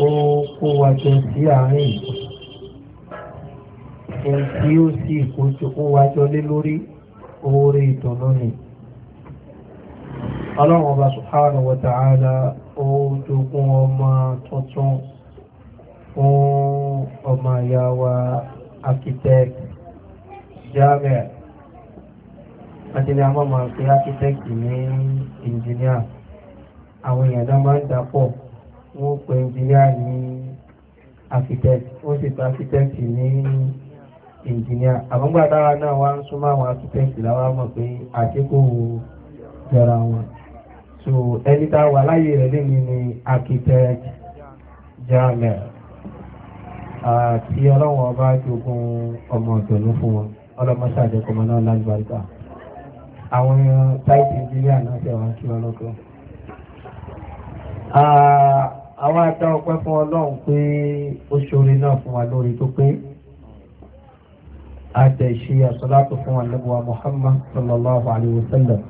ó kó wa jọ sí àárín ohun tí ó sì kó wa jọ lé lórí oore ìtọ̀nà ni ọlọ́run ọba subhanahu wa ta'ala ó jogún ọmọ tuntun fún ọmọ ìyá wa architect Jamiu àti ní àwọn ọmọ pé architect ní engineer àwọn èèyàn dá máa ń dà pọ̀ wọ́n pe ẹnjìníà ní architect wọ́n sì pe architect ní ẹnjìníà àmọ́gbà dára náà wá ń súnmọ́ àwọn architect láwa mọ̀ pé àṣekò jọra wọn so ẹni tá a wà láyé rẹ̀ lè ní ní architect Jamel àti ọlọ́wọ́n ọba jogun ọmọ ọ̀dọ́nú fún wọn ọlọ́mọṣàjẹ́ kọmọ náà lálùbáríkà àwọn táìtì ìjìnlẹ̀ àná tẹ̀wá kí ọlọ́kọ̀ọ́ àwọn ata ọpẹ́ fún Ọlọ́run pé ó ṣoore náà fún wa lórí tó pé àtẹ̀ṣe àsọlátò fún wa lẹ́bùwà Muhammad sallallahu alayhi wa sallam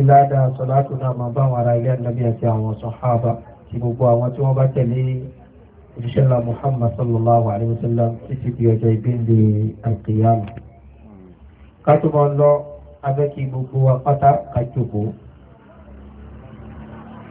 ìlàdà àsọlátò náà máa bá àwọn ará ilé ànábì àti àwọn sọ̀hábà ti gbogbo àwọn tí wọ́n bá tẹ̀lé ìṣẹ́lá Muhammad sallallahu alayhi wa sallam títí di ọjọ́ ìbíǹde àkìyàmù. ká tó bọ́ lọ abẹ́kí gbogbo wa ká jókòó.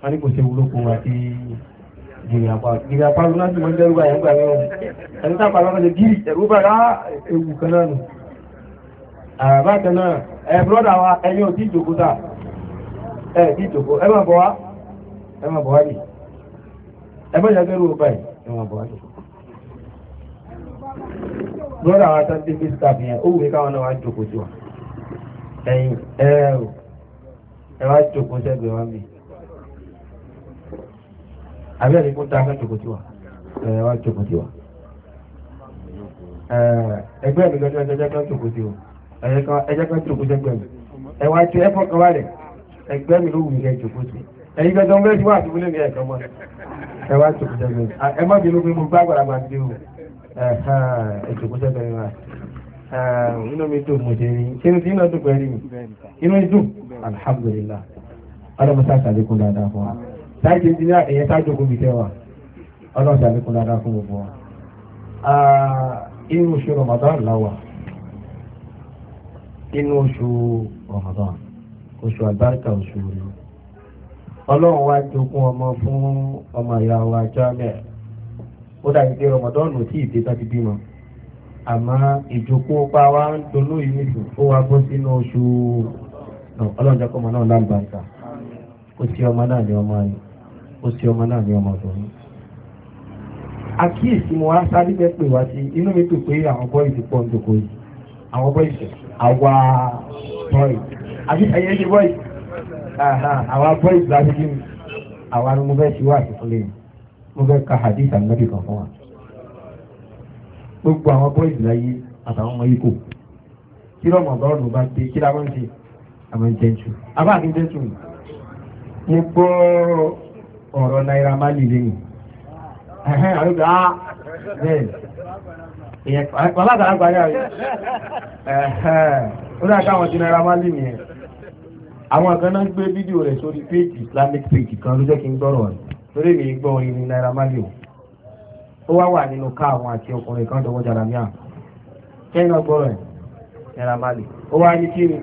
wọ́n ní kò ṣe wúlò kó àti gìrìyàpá gìrìyàpá ló láti mọ́ jẹ́rú báyìí nígbà yẹn ẹni tápà lọ́kọ̀ ṣe gírì ẹ̀rú bá rá ewu kan náà nù àbá kan náà ẹ bọ́dà wa ẹni ò tí ìjòkó tà ẹ tí ìjòkó ẹ má bọ̀ wá ẹ má bọ̀ wá yìí ẹ má jẹ́ kẹ́rù báyìí ẹ má yìí brọ́dà wa tán débi staff yẹn ó wù káwọn náà wá jókòó sí wa ẹ̀yin ẹ̀rù ẹ wá jókòó wá mi. abẹ́rẹ́ kó dá fẹ́ wa. tiwa ẹ wá wa. tiwa ẹgbẹ́ mi lọ́jọ́ ẹjẹ́ kan jòkó tiwa ẹjẹ́ kan jòkó sẹ́gbẹ́ mi ẹ wá ti ẹ̀fọ́ kan rẹ̀ ẹgbẹ́ mi ló wù mí kẹ́ jòkó sí ń ní ẹ̀kan mọ́ ẹ wá mi ẹ má bínú pé mo gbá àgbàlagbà sí o ẹ jòkó sẹ́gbẹ́ mi wá inú mi dùn mo ṣe rí ní pẹ̀lú mi inú mi dùn sáyẹ́ǹsì ẹnjìníà ẹ̀yẹ sáájú ogun mi tẹ́wà ọlọ́run ṣàlékún dáadáa fún gbogbo wa. inú oṣù Ramadan láwà inú oṣù Ramadan oṣù àlùbáríkà oṣù rẹ ọlọ́run wá jogún ọmọ fún ọmọ ìyá wa jamiu ó dàbí Ramadan ò tí ì dé bímọ àmọ́ ìjókòó pa wá ń dolú yìí nìsín ó ọmọ náà ó ti ọmọ náà ní ó ti ọmọ náà ní ọmọ ọ̀dọ́rùn àkíyèsí mo wá sáré bẹ́ẹ̀ pè wá sí inú mi tò pé àwọn bọ́ọ̀lù ti pọ̀ ndòkó yìí àwọn bọ́ọ̀lù ti àwa bọ́ọ̀lù àti ẹ̀yẹ ṣe bọ́ọ̀lù àwa bọ́ọ̀lù láti kí mi àwa ni mo fẹ́ ṣe wá àtìkúlẹ̀ mo fẹ́ ka hadith ànábì kan fún wa gbogbo àwọn bọ́ọ̀lù láyé àtàwọn ọmọ yìí kò kí lọ́mọ ọ̀gọ́rùn-ún bá dé kí láwọn ń ṣe àwọn jẹ́ńtù àbá àti jẹ́ńtù mo gbọ́ ọ̀rọ̀ naira mali lè lè yìn ẹ̀hẹ́n àrùgbà á bẹ́ẹ̀ ìyẹn pàlátà àgbáyà rẹ̀ ẹ̀hẹ́n ó dá káwọn ti náírà má lè yìn àwọn kan náà gbé fídíò rẹ̀ sórí péjì islamic péjì kan ló kí n gbọ́rọ̀ rẹ̀ mi gbọ́ orin ní náírà má ó wá wà nínú ká àwọn àti ọkùnrin kan dọwọ́ jaramia kẹ́yìn náà gbọ́rọ̀ ẹ̀ náírà má ó wá ní kí ni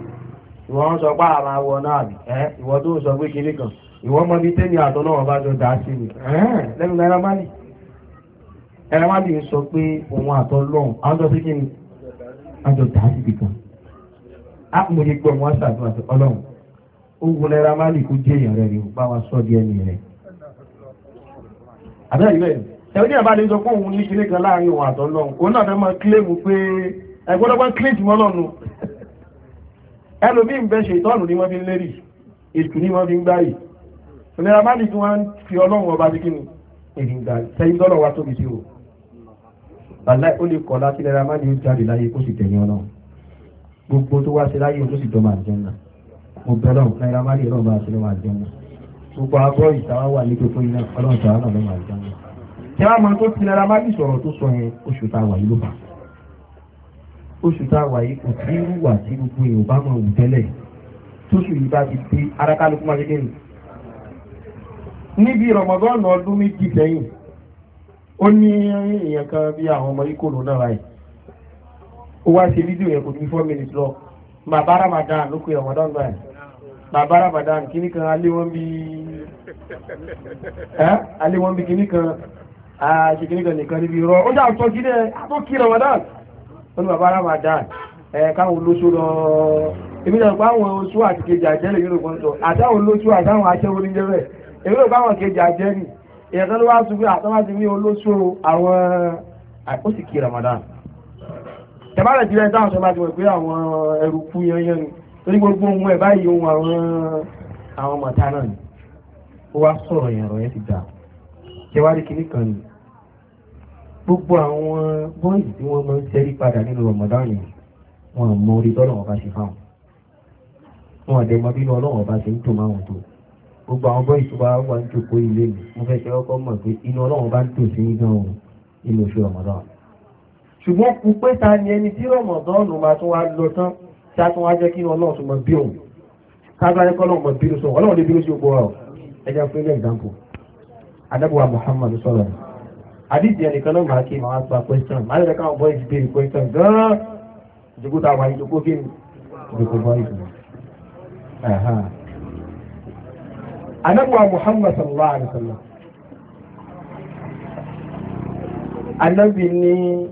sọ pé àwọn àwọ̀ náà ẹ̀ ìwọ tó ń sọ pé kan ìwọ́n mọ́ bí tẹ́mi àtọ́nà ọba jọ dá sí mi lẹ́nu náírà málì ẹ̀rọ málì ń sọ pé òun àtọ́ lọ́hùn àjọ sí kíni àjọ dá sí kíkan á mú ní gbọ́ wọn ṣàdúrà sí ọlọ́run ó wu náírà málì kó jẹ́ èèyàn rẹ̀ rí o bá wa sọ di ẹni rẹ̀ àbẹ́rẹ́ ìbẹ́rẹ́ ẹ̀rọ ní àbáde sọ pé òun ní kíní kan láàrin òun àtọ́ lọ́hùn òun náà fẹ́ máa kílèmù pé ẹ̀gbọ́dọ́gbọ́n kílèmù ọlọ́run ẹlòmíì ń bẹ́ ṣe ìtọ́nù ni wọ́n fi ń lérì ètù ni wọ́n fi ń gbáyìí onírà máàlì tí wọ́n fi ọlọ́run ọba bí kíni èrìǹgà sẹ́yìn tọ́lọ̀ wa tóbi sí o bàlá ó lè kọ̀ láti lẹ́ra máàlì ó jáde láyé kó sì tẹ̀lé ọlọ́run gbogbo tó wá sí láyé ó sì dọ́mà àjẹ́nà mo bẹ̀rẹ̀ ọ̀hún lẹ́ra máàlì ọlọ́run bá sí lọ́mà àjẹ́nà gbogbo abọ́ ìtawá wà ní gbogbo iná ọlọ́run tàwa náà lọ́mà àjẹ́nà tí wọ́n máa tó ti lẹ́ra máàlì sọ̀rọ̀ tó sọ yẹn oṣù tá a wà yìí ló fà oṣù tá a wà yìí kò tí ń wà sí gbogbo èèyàn bá mọ̀ òun tẹ́lẹ̀ tóṣù yìí bá ti dé arákálukú máa ṣe kéyìn níbi rọmọdọ́nù ọdún méjì sẹ́yìn ó ní èèyàn kan bí àwọn ọmọ yìí kòrò náà ráì ó wá ṣe fídíò yẹn kò ní four minutes lọ bàbá ramadan ló pe rọmọdọ́nù báyìí bàbá ramadan kíní kan alé wọn bí alé wọn bí kíní kan àṣe kíní kan nìkan níbi rọ ó jà sọ kí dẹ tó kí rọmọdán ó ní bàbá ramadan ẹ káwọn olóṣó lọ èmi náà pa àwọn oṣù àti kejì àjẹlẹ yìí ló kàn sọ àtàwọn olóṣó àtàwọn aṣẹ́wó ní jẹ́ bẹ́ẹ̀ èmi ò báwọn kejì àjẹ́ nì èèyàn kan ló wá sùn pé ní olóṣù àwọn ó Ramadan tẹ̀bálẹ̀ ti rẹ̀ táwọn sọ́ba ti wọ̀ pé àwọn ẹrù kú yanyan ni torí gbogbo ohun ẹ̀ báyìí ohun àwọn àwọn mọ̀tá náà ni ó wá sọ̀rọ̀ yẹn ọ̀rọ̀ yẹn ti dà kẹwàá rí kinní kan ni gbogbo àwọn bọ́ọ̀lù tí wọ́n máa ń ṣẹ́rí padà nínú Ramadan yẹn wọn mọ orí tọ́lọ̀ wọn bá ṣe fáwọn wọn àdẹ́mọ bínú ọlọ́wọ́n bá ṣe ń tò máwọn tó gbogbo àwọn bọ́ọ̀lù tó bá wà ní tòkó ilé mi mo fẹ́ ṣe ọkọ mọ̀ pé inú ọlọ́run bá ń tò sí yín gan-an nínú oṣù Ramadan ṣùgbọ́n kú pé ta ni ẹni tí Ramadan máa tún wá lọ tán tí a tún wá jẹ́ kí ọlọ́run tún mọ bí òun kágbára kọ́ ọlọ́run mọ bí òun sọ ọlọ́run lè bí òun sí gbogbo ọ̀rọ̀ ẹ jẹ́ fún ilé ìdánpọ̀ adábọ̀wá Muhammadu sọ̀rọ̀ àdìsí ẹnìkan náà máa kí màá gba question máa lè káwọn bọ́ ìdí béèrè question gan-an ìjókòó anabuwa muhammad sallallahu alaihi wasallam anabi ni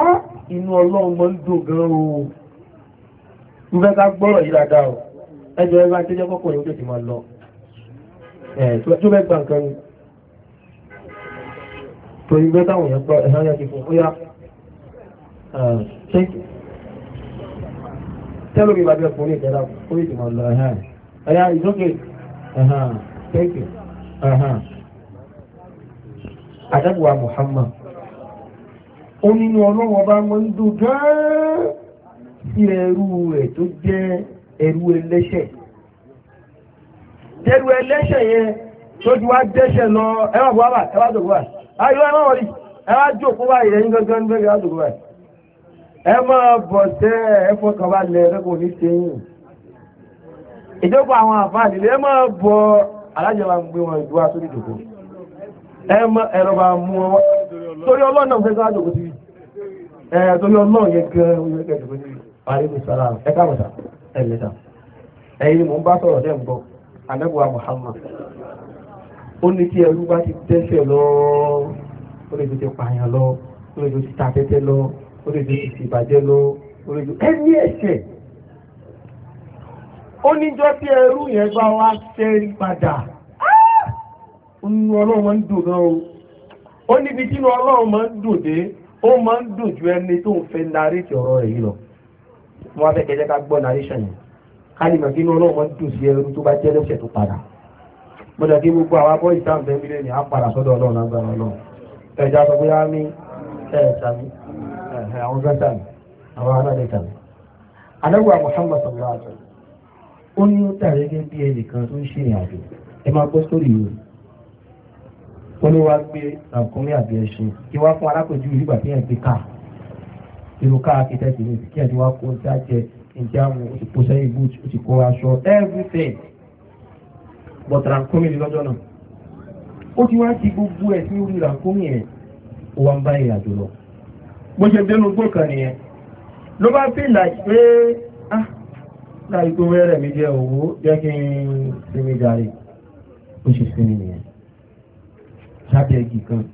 a inú ọlọ́run mọ́ ń dùn gan o ń fẹ́ ká gbọ́rọ̀ yìí dáadáa o ẹjọ́ ẹgbẹ́ àti ẹjọ́ kọ́kọ́ yóò tètè máa lọ ẹ̀ tó bẹ́ gba nǹkan ni torí bẹ́ táwọn èèyàn gbọ́ ẹ̀sán yẹn ti fún óyá ṣé tẹ́lómi bàbá ọkùnrin ìtẹ́lá uh Thank you. Uh-huh. Àdábùwà Muhammad. Ó nínú ọlọ́wọ́ bá wọ́n ń dùn gáà sí ẹrú rẹ̀ tó jẹ́ ẹrú ẹlẹ́ṣẹ̀. Tẹ́rú ẹlẹ́ṣẹ̀ yẹn tó ju wá dẹ́ṣẹ̀ lọ ẹwà bùwá bà ẹwà dògbò bà. Ayọ̀ ẹwà wọ̀rí ẹwà jòkó wá ìrẹ̀yìn gangan nígbà ẹwà Ẹ ìjọba àwọn àfáàdì lè máa bọ́ alájọba ń gbé wọn ìdúwà sórí ìdòkó ẹmọ ẹ̀rọba mú wọn torí ọlọ́run náà fẹ́gbẹ́ àjòkó sí torí ọlọ́run yẹ gẹ́rẹ́ orí ẹgbẹ́ ìdòkó sí àríwí sára ẹ̀ka mọ̀ta ẹ̀lẹ́ta ẹ̀yìn mò ń bá sọ̀rọ̀ dẹ́ ń bọ̀ anẹ́gbọ̀wà Muhammad ó ní tí ẹrú bá ti dẹ́sẹ̀ lọ ó lè tó ti pààyàn lọ ó lè tó ti ta tẹ́tẹ́ lọ ó lè tó ti ṣèbàjẹ́ lọ ó lè ó níjọ́ tí ẹrú yẹn bá wá ṣẹ́rí padà nínú ọlọ́run máa ń dùn náà o ó níbi tí inú ọlọ́run máa ń dùn ju ẹni tó ń fẹ́ narrate ọ̀rọ̀ rẹ̀ lọ mo wá fẹ́ kẹjẹ́ ká gbọ́ narration yẹn ká mọ̀ kí inú ọlọ́run ń dùn sí ẹrú tó bá jẹ́ tó padà mo kí gbogbo àwọn abọ́ ìta ǹfẹ́ mílíọ̀nù ní apàdà sọ́dọ̀ ọlọ́run lágbára ọlọ́run sọ pé á àwọn àwọn ó ní ó tà gẹ́gẹ́ bí ẹnìkan tó ń ṣe ìrìn àjò ẹ máa gbọ́ sórí ìwé ó ní wá gbé àkúnrin àbí ẹṣin kí wá fún alápèjú ìgbà tí yẹn ti ká irú ká kí tẹ́sí ní kí ẹ̀ wá kó tí jẹ ìjà mu ó ti kó sẹ́yìn boot ó ti kó aṣọ everything but ràkúnrin ni lọ́jọ́ náà ó ti wá ti gbogbo ẹ̀ sí orí ràkúnrin yẹn ó wá ń bá ìrìn àjò lọ bó ṣe dénú gbó kan nìyẹn ló bá fìlà pé ah láì tó wẹ́rẹ̀ mi jẹ́ owó jẹ́ kí n sinmi gàrí ó ṣe sinmi nìyẹn sábẹ́ igi kan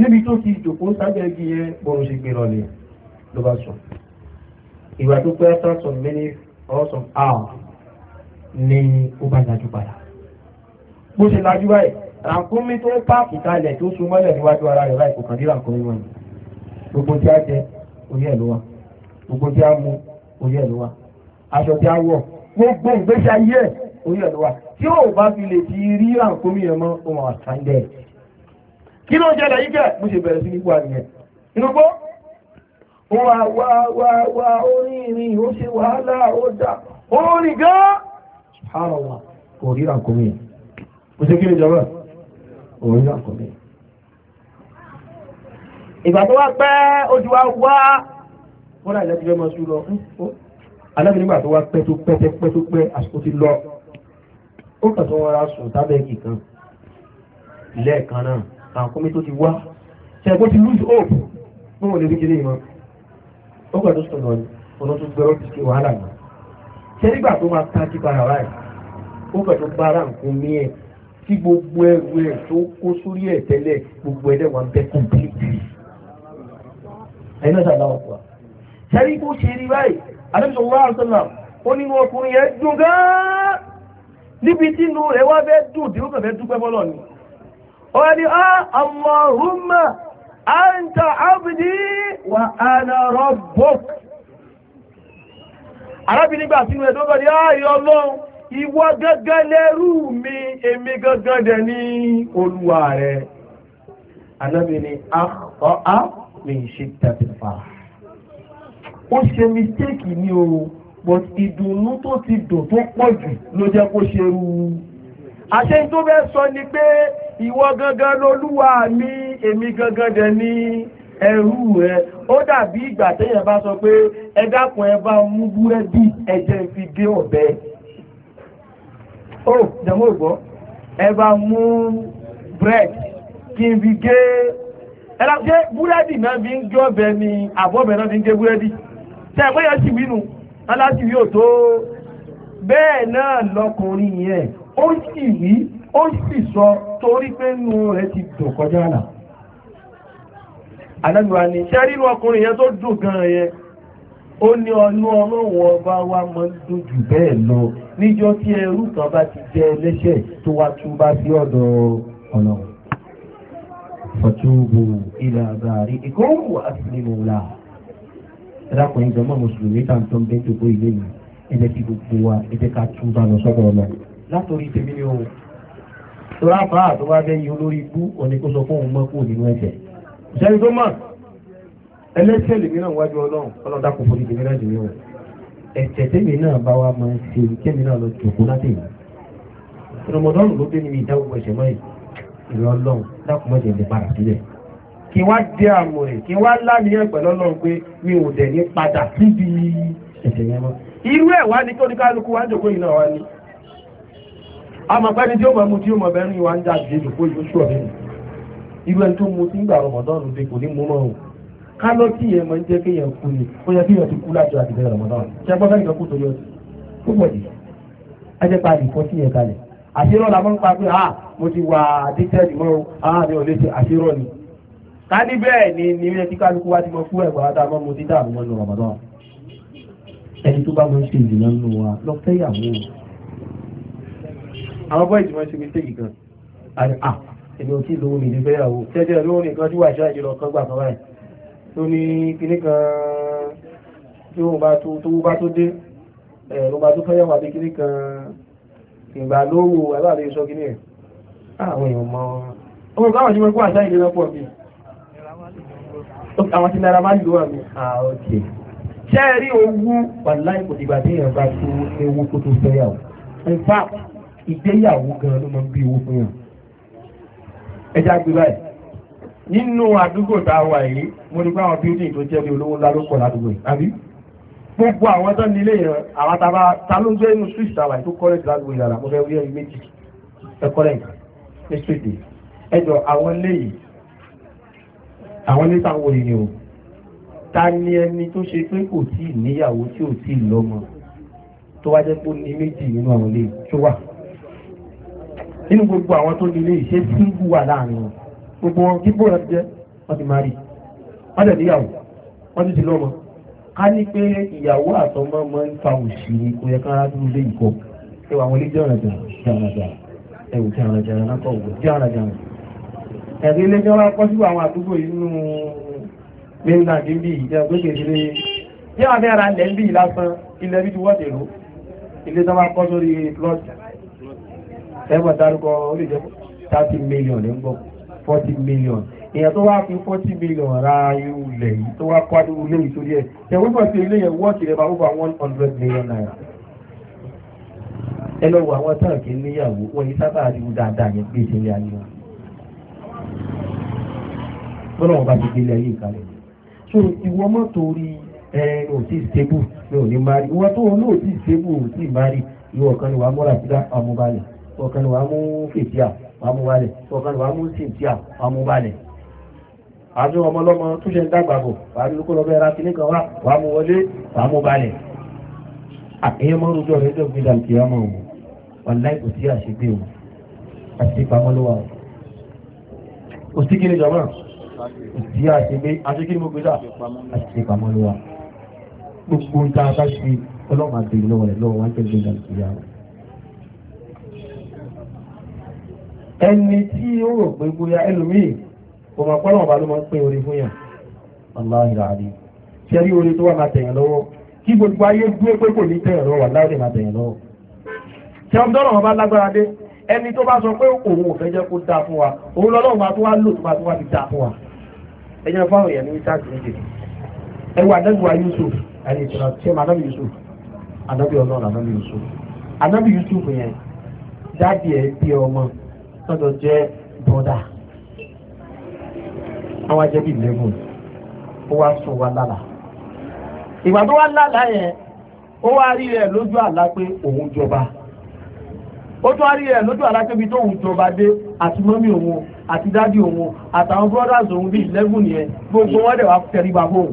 níbi tó ti jòkó sábẹ́ igi yẹn bọ́rọ̀ ṣe gbé lọlẹ̀ ló bá sọ ìgbà tó pẹ́ after some minutes or some hours ni ó bá lajú padà bó ṣe lajú báyìí ràǹkómi tó páàkì kalẹ̀ tó sun mọ́lẹ̀ níwájú ara rẹ̀ báyìí kò kàn dé ràǹkómi wọn gbogbo tí a jẹ orí ẹ̀ ló wà gbogbo tí a mu orí ẹ̀ ló wà aṣọ tí a wọ̀ gbogbo ìgbésí ayé ẹ̀ orí ẹ̀ ló wà tí ò bá fi lè ti rí àǹkómi yẹn mọ́ ohun àtàndẹ̀ kí ló jẹ́ lẹ́yìn kẹ́ bó ṣe bẹ̀rẹ̀ sí ní wà nìyẹn inú gbó wà wà wà wà orin ìrìn ó ṣe wàhálà ó dà orin gan ṣàrọ̀ wà kò rí àǹkómi yẹn kò ṣe kí ni jọba kò àǹkómi yẹn ìgbà tó wá pẹ́ ojú wa wá kó náà ìlẹ́tìfẹ́ mọ́ sí lọ alábi nígbà tó wá pẹ́ tó pẹ́ tó pẹ́ tó pẹ́ àsìkò ti lọ ó kàn tó wọn ra sùn tábẹ́ igi lẹ́ẹ̀kan náà àwọn tó ti wá ṣẹ̀gbọ́n ti lose hope fún òun lè rí jẹ́lé ìmọ̀ ó kàn tó sùn lọ ni ọ̀nà tó gbẹ́rọ́ ti ṣe wàhálà náà ṣe nígbà tó máa ká kí para wáyé ó kàn tó bára nǹkan mí ẹ̀ tí gbogbo ẹrù ẹ̀ tó kó sórí ẹ̀ tẹ́lẹ̀ gbogbo ẹ̀dẹ̀ wà kó ṣe rí báyìí àdébìsọ̀wọ́ àṣọ́là ó nínú ọkùnrin yẹn dùn gan-an níbi tí inú rẹ̀ wá fẹ́ dùn tí ó kàn fẹ́ dúpẹ́ bọ́lọ̀ ni Allahumma anta abdi wa ana rabbuk arábìnrin gbà sínú ẹ̀dọ́ bẹ̀rẹ̀ ayọ̀ ọlọ́run ìwọ gẹ́gẹ́ lẹ́rú mi èmi gẹ́gẹ́ dẹ̀ ní olúwa rẹ̀ anábìnrin akọ́ á min shiddatil farah ó ṣe mistake ni o but ìdùnnú tó ti dùn tó pọ̀ jù ló jẹ́ kó ṣe rú u àṣẹ tó fẹ́ sọ ni pé ìwọ gangan lolúwa mi èmi gangan dẹ̀ ni ẹrú ẹ ó dàbí ìgbà téèyàn bá sọ pé ẹ dákun ẹ bá mú búrẹ́dì ẹ̀jẹ̀ fi gé ọ̀bẹ ó oh, jẹ̀mọ́ ìgbọ́ ẹ bá mú bread kí n fi gé ẹ lọ ṣe búrẹ́dì náà fi ń gé ọ̀bẹ ni àbọ̀bẹ náà fi ń gé búrẹ́dì tẹ́gbẹ́yà sì wínú aláti wí ò tó bẹ́ẹ̀ náà lọkùnrin yẹn ó sì wí ó sì sọ torí pé nù rẹ̀ ti dùn kọjá là alágbèwà ni ṣe rírú ọkùnrin yẹn tó dùn gan yẹn ó ní ọlú ọlọ́wọ́ ọba wa máa ń dùn jù bẹ́ẹ̀ lọ níjọ́ tí ẹrú kan bá ti jẹ ẹlẹ́ṣẹ̀ tó wá tún bá sí ọ̀dọ̀ ọ̀nà fọ̀túbù ìlàgbà rí ìkọ́wù àti nínú làá ẹ̀dàkùnrin jọmọ́ mùsùlùmí tá à ń tọ́ bí tó bó ilé mi ẹ̀dẹ́ ti gbogbo wa ẹ̀dẹ́ ká tún bá lọ sọ́dọ̀ ọ̀nà látòrí tèmi ni òun tọ́lá fa àtọ́wá bẹ́ yí olórí ikú òní kó sọ fún òun mọ́ kó nínú ẹ̀jẹ̀ ìṣẹ́ni tó mọ̀ ẹlẹ́sẹ̀ lèmi náà wájú ọlọ́run ọlọ́dàkùn fún ìdèmí náà jù mí o ẹ̀jẹ̀ tèmi náà bá wa máa ń ṣe kémi náà lọ jòkó láti ìlú rọmọdọ́nù ló dé níbi ìdáwó ẹ̀ṣẹ̀ mọ́ kí wá jẹ́ àmọ̀ rẹ̀ kí wá láníyàn pẹ̀lú ọlọ́run pé mi ò dẹ̀ ní padà síbi ẹ̀ṣẹ̀ yẹn mọ́ irú ẹ̀ wá ní tó ní kálukú wá ń jòkó yìí náà wá ní amọ̀pẹ́ni tí ó mọ̀ mú tí ó mọ̀ bẹ́ẹ̀ ní wá ń jáde jòkó yìí ó ṣù ọ̀bẹ nì irú ẹni jẹ́ kéèyàn kú ni àṣírọ́ la máa ń pa pé ah mo ti wà addicted mọ́ o ah mi ò lè ṣe àṣírọ́ ni ká ní bẹ́ẹ̀ ni ní ilé kíkà lókú wá ti mọ fún ẹ̀gbọ́n àti àmọ́ mo ti dààmú mọ́nu Ramadan ẹni tó bá mọ ṣe ìdìnnà nù wa lọ fẹ́ ìyàwó àwọn bọ́ọ̀dì wọn ṣe mistake gan èmi ò tí ì lówó mi ní fẹ́yàwó tẹ́jẹ́ lówó nìkan tí wà ṣáà ìjọ kan gbà kan báyìí tó ní kíní kan tí ó bá tó tó bá tó dé ẹ̀ ló bá tó fẹ́yàwó àti kíní kan ìgbà lówó aláàbẹ̀ sọ kíní ẹ̀ àwọn èèyàn mọ́ ọmọ ìgbà wọn ni wọ́n gbọ́ àṣà ìlera pọ̀ bíi àwọn tí lára bá lò wà ní àọ́kè ah, ṣe rí owó pàlá ipò ìgbà tí èèyàn bá tó ewu kó tó fẹ́yàwó in fact ìgbéyàwó gan ló máa ń bí owó fún yàn ẹjá gbé báyìí nínú àdúgbò tá a wà yìí mo ní pé àwọn building tó jẹ́ bí olówó ńlá ló pọ̀ ládùúgbò yìí àbí gbogbo àwọn tó nílé yẹn àwọn tàbá ta ló ń gbé inú street tàbá tó kọ́lẹ̀ tí ládùúgbò yìí lára mo fẹ́ wí ẹ̀yìn méjì ẹ̀kọ́lẹ̀ ní street yìí ẹjọ́ àwọn ilé yìí àwọn lẹ́tà ni o ta ni ẹni tó ṣe pé kò tí ì níyàwó tí ò tí ì lọ́mọ tó wá jẹ́ pé ó ní méjì nínú àwọn ilé tó wà nínú gbogbo àwọn tó ní ilé ìṣe síngù wà láàrin wọn gbogbo wọn kí bóra jẹ́ wọ́n ti máa rí wọ́n dẹ̀ níyàwó wọ́n ti ti lọ́mọ ká ní pé ìyàwó àtọmọ máa ń fa òṣì ni kò yẹ kára dúró lé ìkọ ẹwà àwọn ilé jẹ́ ọ̀nà jàǹdà ẹ̀wò jàǹdà jàǹdà lápá òwò jẹ́ ọ̀nà jàǹdà ẹ̀rí ilé jọ wá pọ́sí àwọn àdúgbò inú mainland ń bí ìjẹ́ ògbégbè ilé bí wọ́n fẹ́ ra ilẹ̀ ń bí lásán ilẹ̀ bí ti wọ́dẹ̀ ló ilé tó wá kọ́ sórí plot ẹgbọ̀n dárúkọ ó lè jẹ́ 30 million ń bọ̀ 40 million èèyàn tó wá fi 40 million ra irú ilẹ̀ yìí tó wá kọ́ adúrú lé ìtorí ẹ̀ ẹ̀wọ́n pọ̀ sí ilé yẹn wọ́ọ̀tì rẹ̀ bá over 100 million naira ẹ lọ wo àwọn táǹkì níyàwó wọn yìí sábà rí dáadáa yẹn gbé ìṣẹ̀lẹ̀ ayé wọn tọ́lọ̀ ọba ti délé ayé ìkàlẹ̀ so ìwọ mọ́ torí ẹ̀ẹ́n ò stable ní òní máa rí ìwọ tó wọn náà ò stable ò máa rí ìwọ kan ni wàá mú ràfídà àmúbalẹ̀ ìwọ kan ni wàá mú fètíà àmúbalẹ̀ ìwọ kan ni wàá mú cynthia àmúbalẹ̀ àti ọmọ ọlọ́mọ tó ṣe ń dàgbà bọ̀ wàá lóko lọ bẹ́ẹ̀ ra kíní kan wá wàá mú wọlé wàá mú balẹ̀ àkíyẹ́ mọ́ rújọ́ rẹ̀ jọ́ gbéra kí á wọn wàláì kò sí àṣegbè wọn àti ìpamọ́ ló wà ó sí kíni jọ̀mọ́ ìdí àṣegbé àṣekí mo gbéra àṣekí pamọ́ lọ́wọ́ gbogbo ń ta bá ṣe ọlọ́run àti ìlọ́wọ́ rẹ̀ lọ́wọ́ wá jẹ́gbẹ́ ìgbà ìgbéyà rẹ̀. ẹni tí ó rò pé bóyá ẹlòmíì kò mọ̀ pọ́nà ọba ló máa ń pín orí fún yàn aláhi ràdí ṣe rí orí tó wà máa tẹ̀yàn lọ́wọ́ kí gbogbo ayé gbé pé kò ní tẹ̀yàn lọ́wọ́ láì máa tẹ̀yàn lọ́wọ́ ṣe ọmọdé ọ̀rọ̀ bá lágbára dé ẹni tó bá sọ pé òun ò fẹ́ jẹ́ kó dáa fún wa òun lọ́lọ́run máa tún wá lò tó máa tún wá fi dáa fún wa ẹjọ́ fáwọn èèyàn ní wíṣáàtì méje ẹwà adágbà Yusuf ẹni ìtura tí ẹmọ adábì Yusuf adábì ọlọ́run adábì Yusuf adábì Yusuf yẹn dáàbì ẹ bí ọmọ sọ́dọ̀ jẹ́ bọ́dà àwọn ajẹ́bí lẹ́gùn ó wá sùn wá lálàá ìgbà tó wá lálàá yẹn ó wá rí rẹ̀ lójú àlá pé òun jọba. ó tún á rí ẹ̀ lójú alákẹ́bí tó ń jọba dé àti mọ́mí òun àti dádì òun àtàwọn brothers òun bíi eleven yẹn gbogbo wọn dẹ̀ wá tẹríba fóun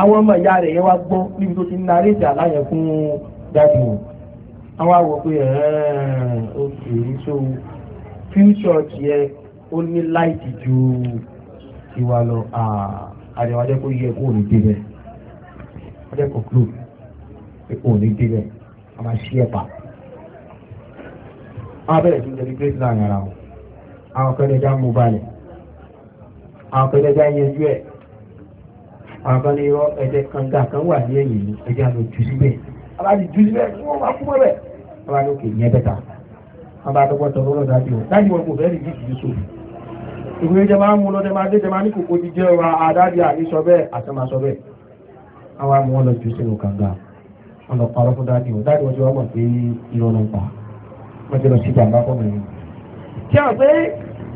àwọn ọmọ ìyá rẹ̀ yẹn wá gbọ́ níbi tó ti ń narí ìjà láyẹn fún dádì òun àwọn àwọ̀ pé ó yẹ ní abẹ́rẹ́ sí ìjẹ̀lú grace láàrin ara wọn àwọn kan lè já mú balẹ̀ àwọn kan lè já yẹjú ẹ̀ àwọn kan lè rọ ẹ̀jẹ̀ kanga kan wà ní ẹ̀yìn ní ẹ̀jẹ̀ àlọ́ jù abájú jù wọ́n kú òkè dájú dájú wọn kò fẹ́ rí ìwé jẹ máa ń mú máa dé jẹ máa ní kòkó ah, sọ bẹ́ẹ̀ sọ bẹ́ẹ̀ àwọn amú wọn lọ jù wọn lọ parọ́ fún dájú dájú wọn ti wọ́n wọ́n ti lọ sí gbàgbá fọ́ mi. kí a pé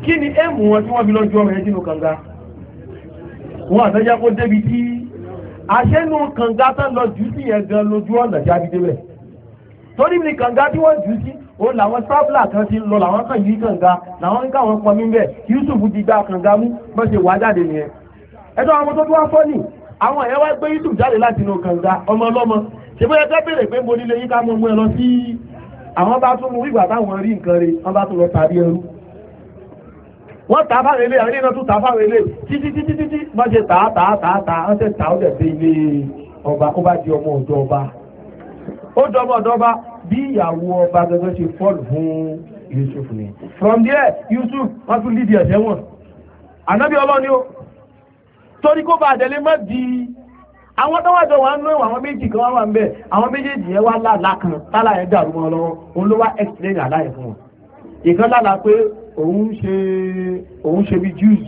kí ni éèmù wọn tí wọ́n fi lọ ju ọmọ yẹn sínú kànga wọn àtẹ́já kó débi tí àṣẹ́nu kànga tán lọ jù sí yẹn gan lójú ọ̀nà jáde débẹ̀ torí ní kànga tí wọ́n jù sí ó làwọn sábìlà kan ti lọ làwọn kan yìí kànga làwọn ń káwọn pọn mí bẹ Yusuf ti gba kànga mú bọ́n ṣe wà jáde nìyẹn ẹjọ́ àwọn tó wá fọ́ nì àwọn ẹ̀yẹ́ wá gbé Yusuf jáde láti inú kànga ọmọ ọlọ́mọ ṣe bóyá ká béèrè pé mo nílé yín ká mọ́ mú ẹ lọ sí àwọn bá tún mú ìgbà táwọn rí nǹkan rí wọ́n bá tún lọ tàbí ẹrú wọ́n ta fáwọn ilé àrí iná tún ta fáwọn ilé títí títí títí wọ́n ṣe tàá tàá tàá tàá wọ́n ṣe tàá ó dẹ̀ dé ilé ọba ó bá di ọmọ ọ̀dọ̀ ọba ó di ọmọ ọ̀dọ̀ ọba bí ìyàwó ọba gẹ́gẹ́ ṣe fọ́ọ̀lù fún Yusuf ni from there Yusuf wọ́n tún lídìí ẹ̀jẹ̀ wọn ànábì ọlọ́ni ó torí kó bá àdẹ́lé má di àwọn tó wájọ wà ń lóyún àwọn méjì kan wà ń bẹ àwọn méjèèjì yẹn wá lálàá kan tálà yẹn dàrú wọn lọ́wọ́ òun ló wá explain àláyé fún wọn ìkan lálàá pé òun ṣe òun ṣe bí Jews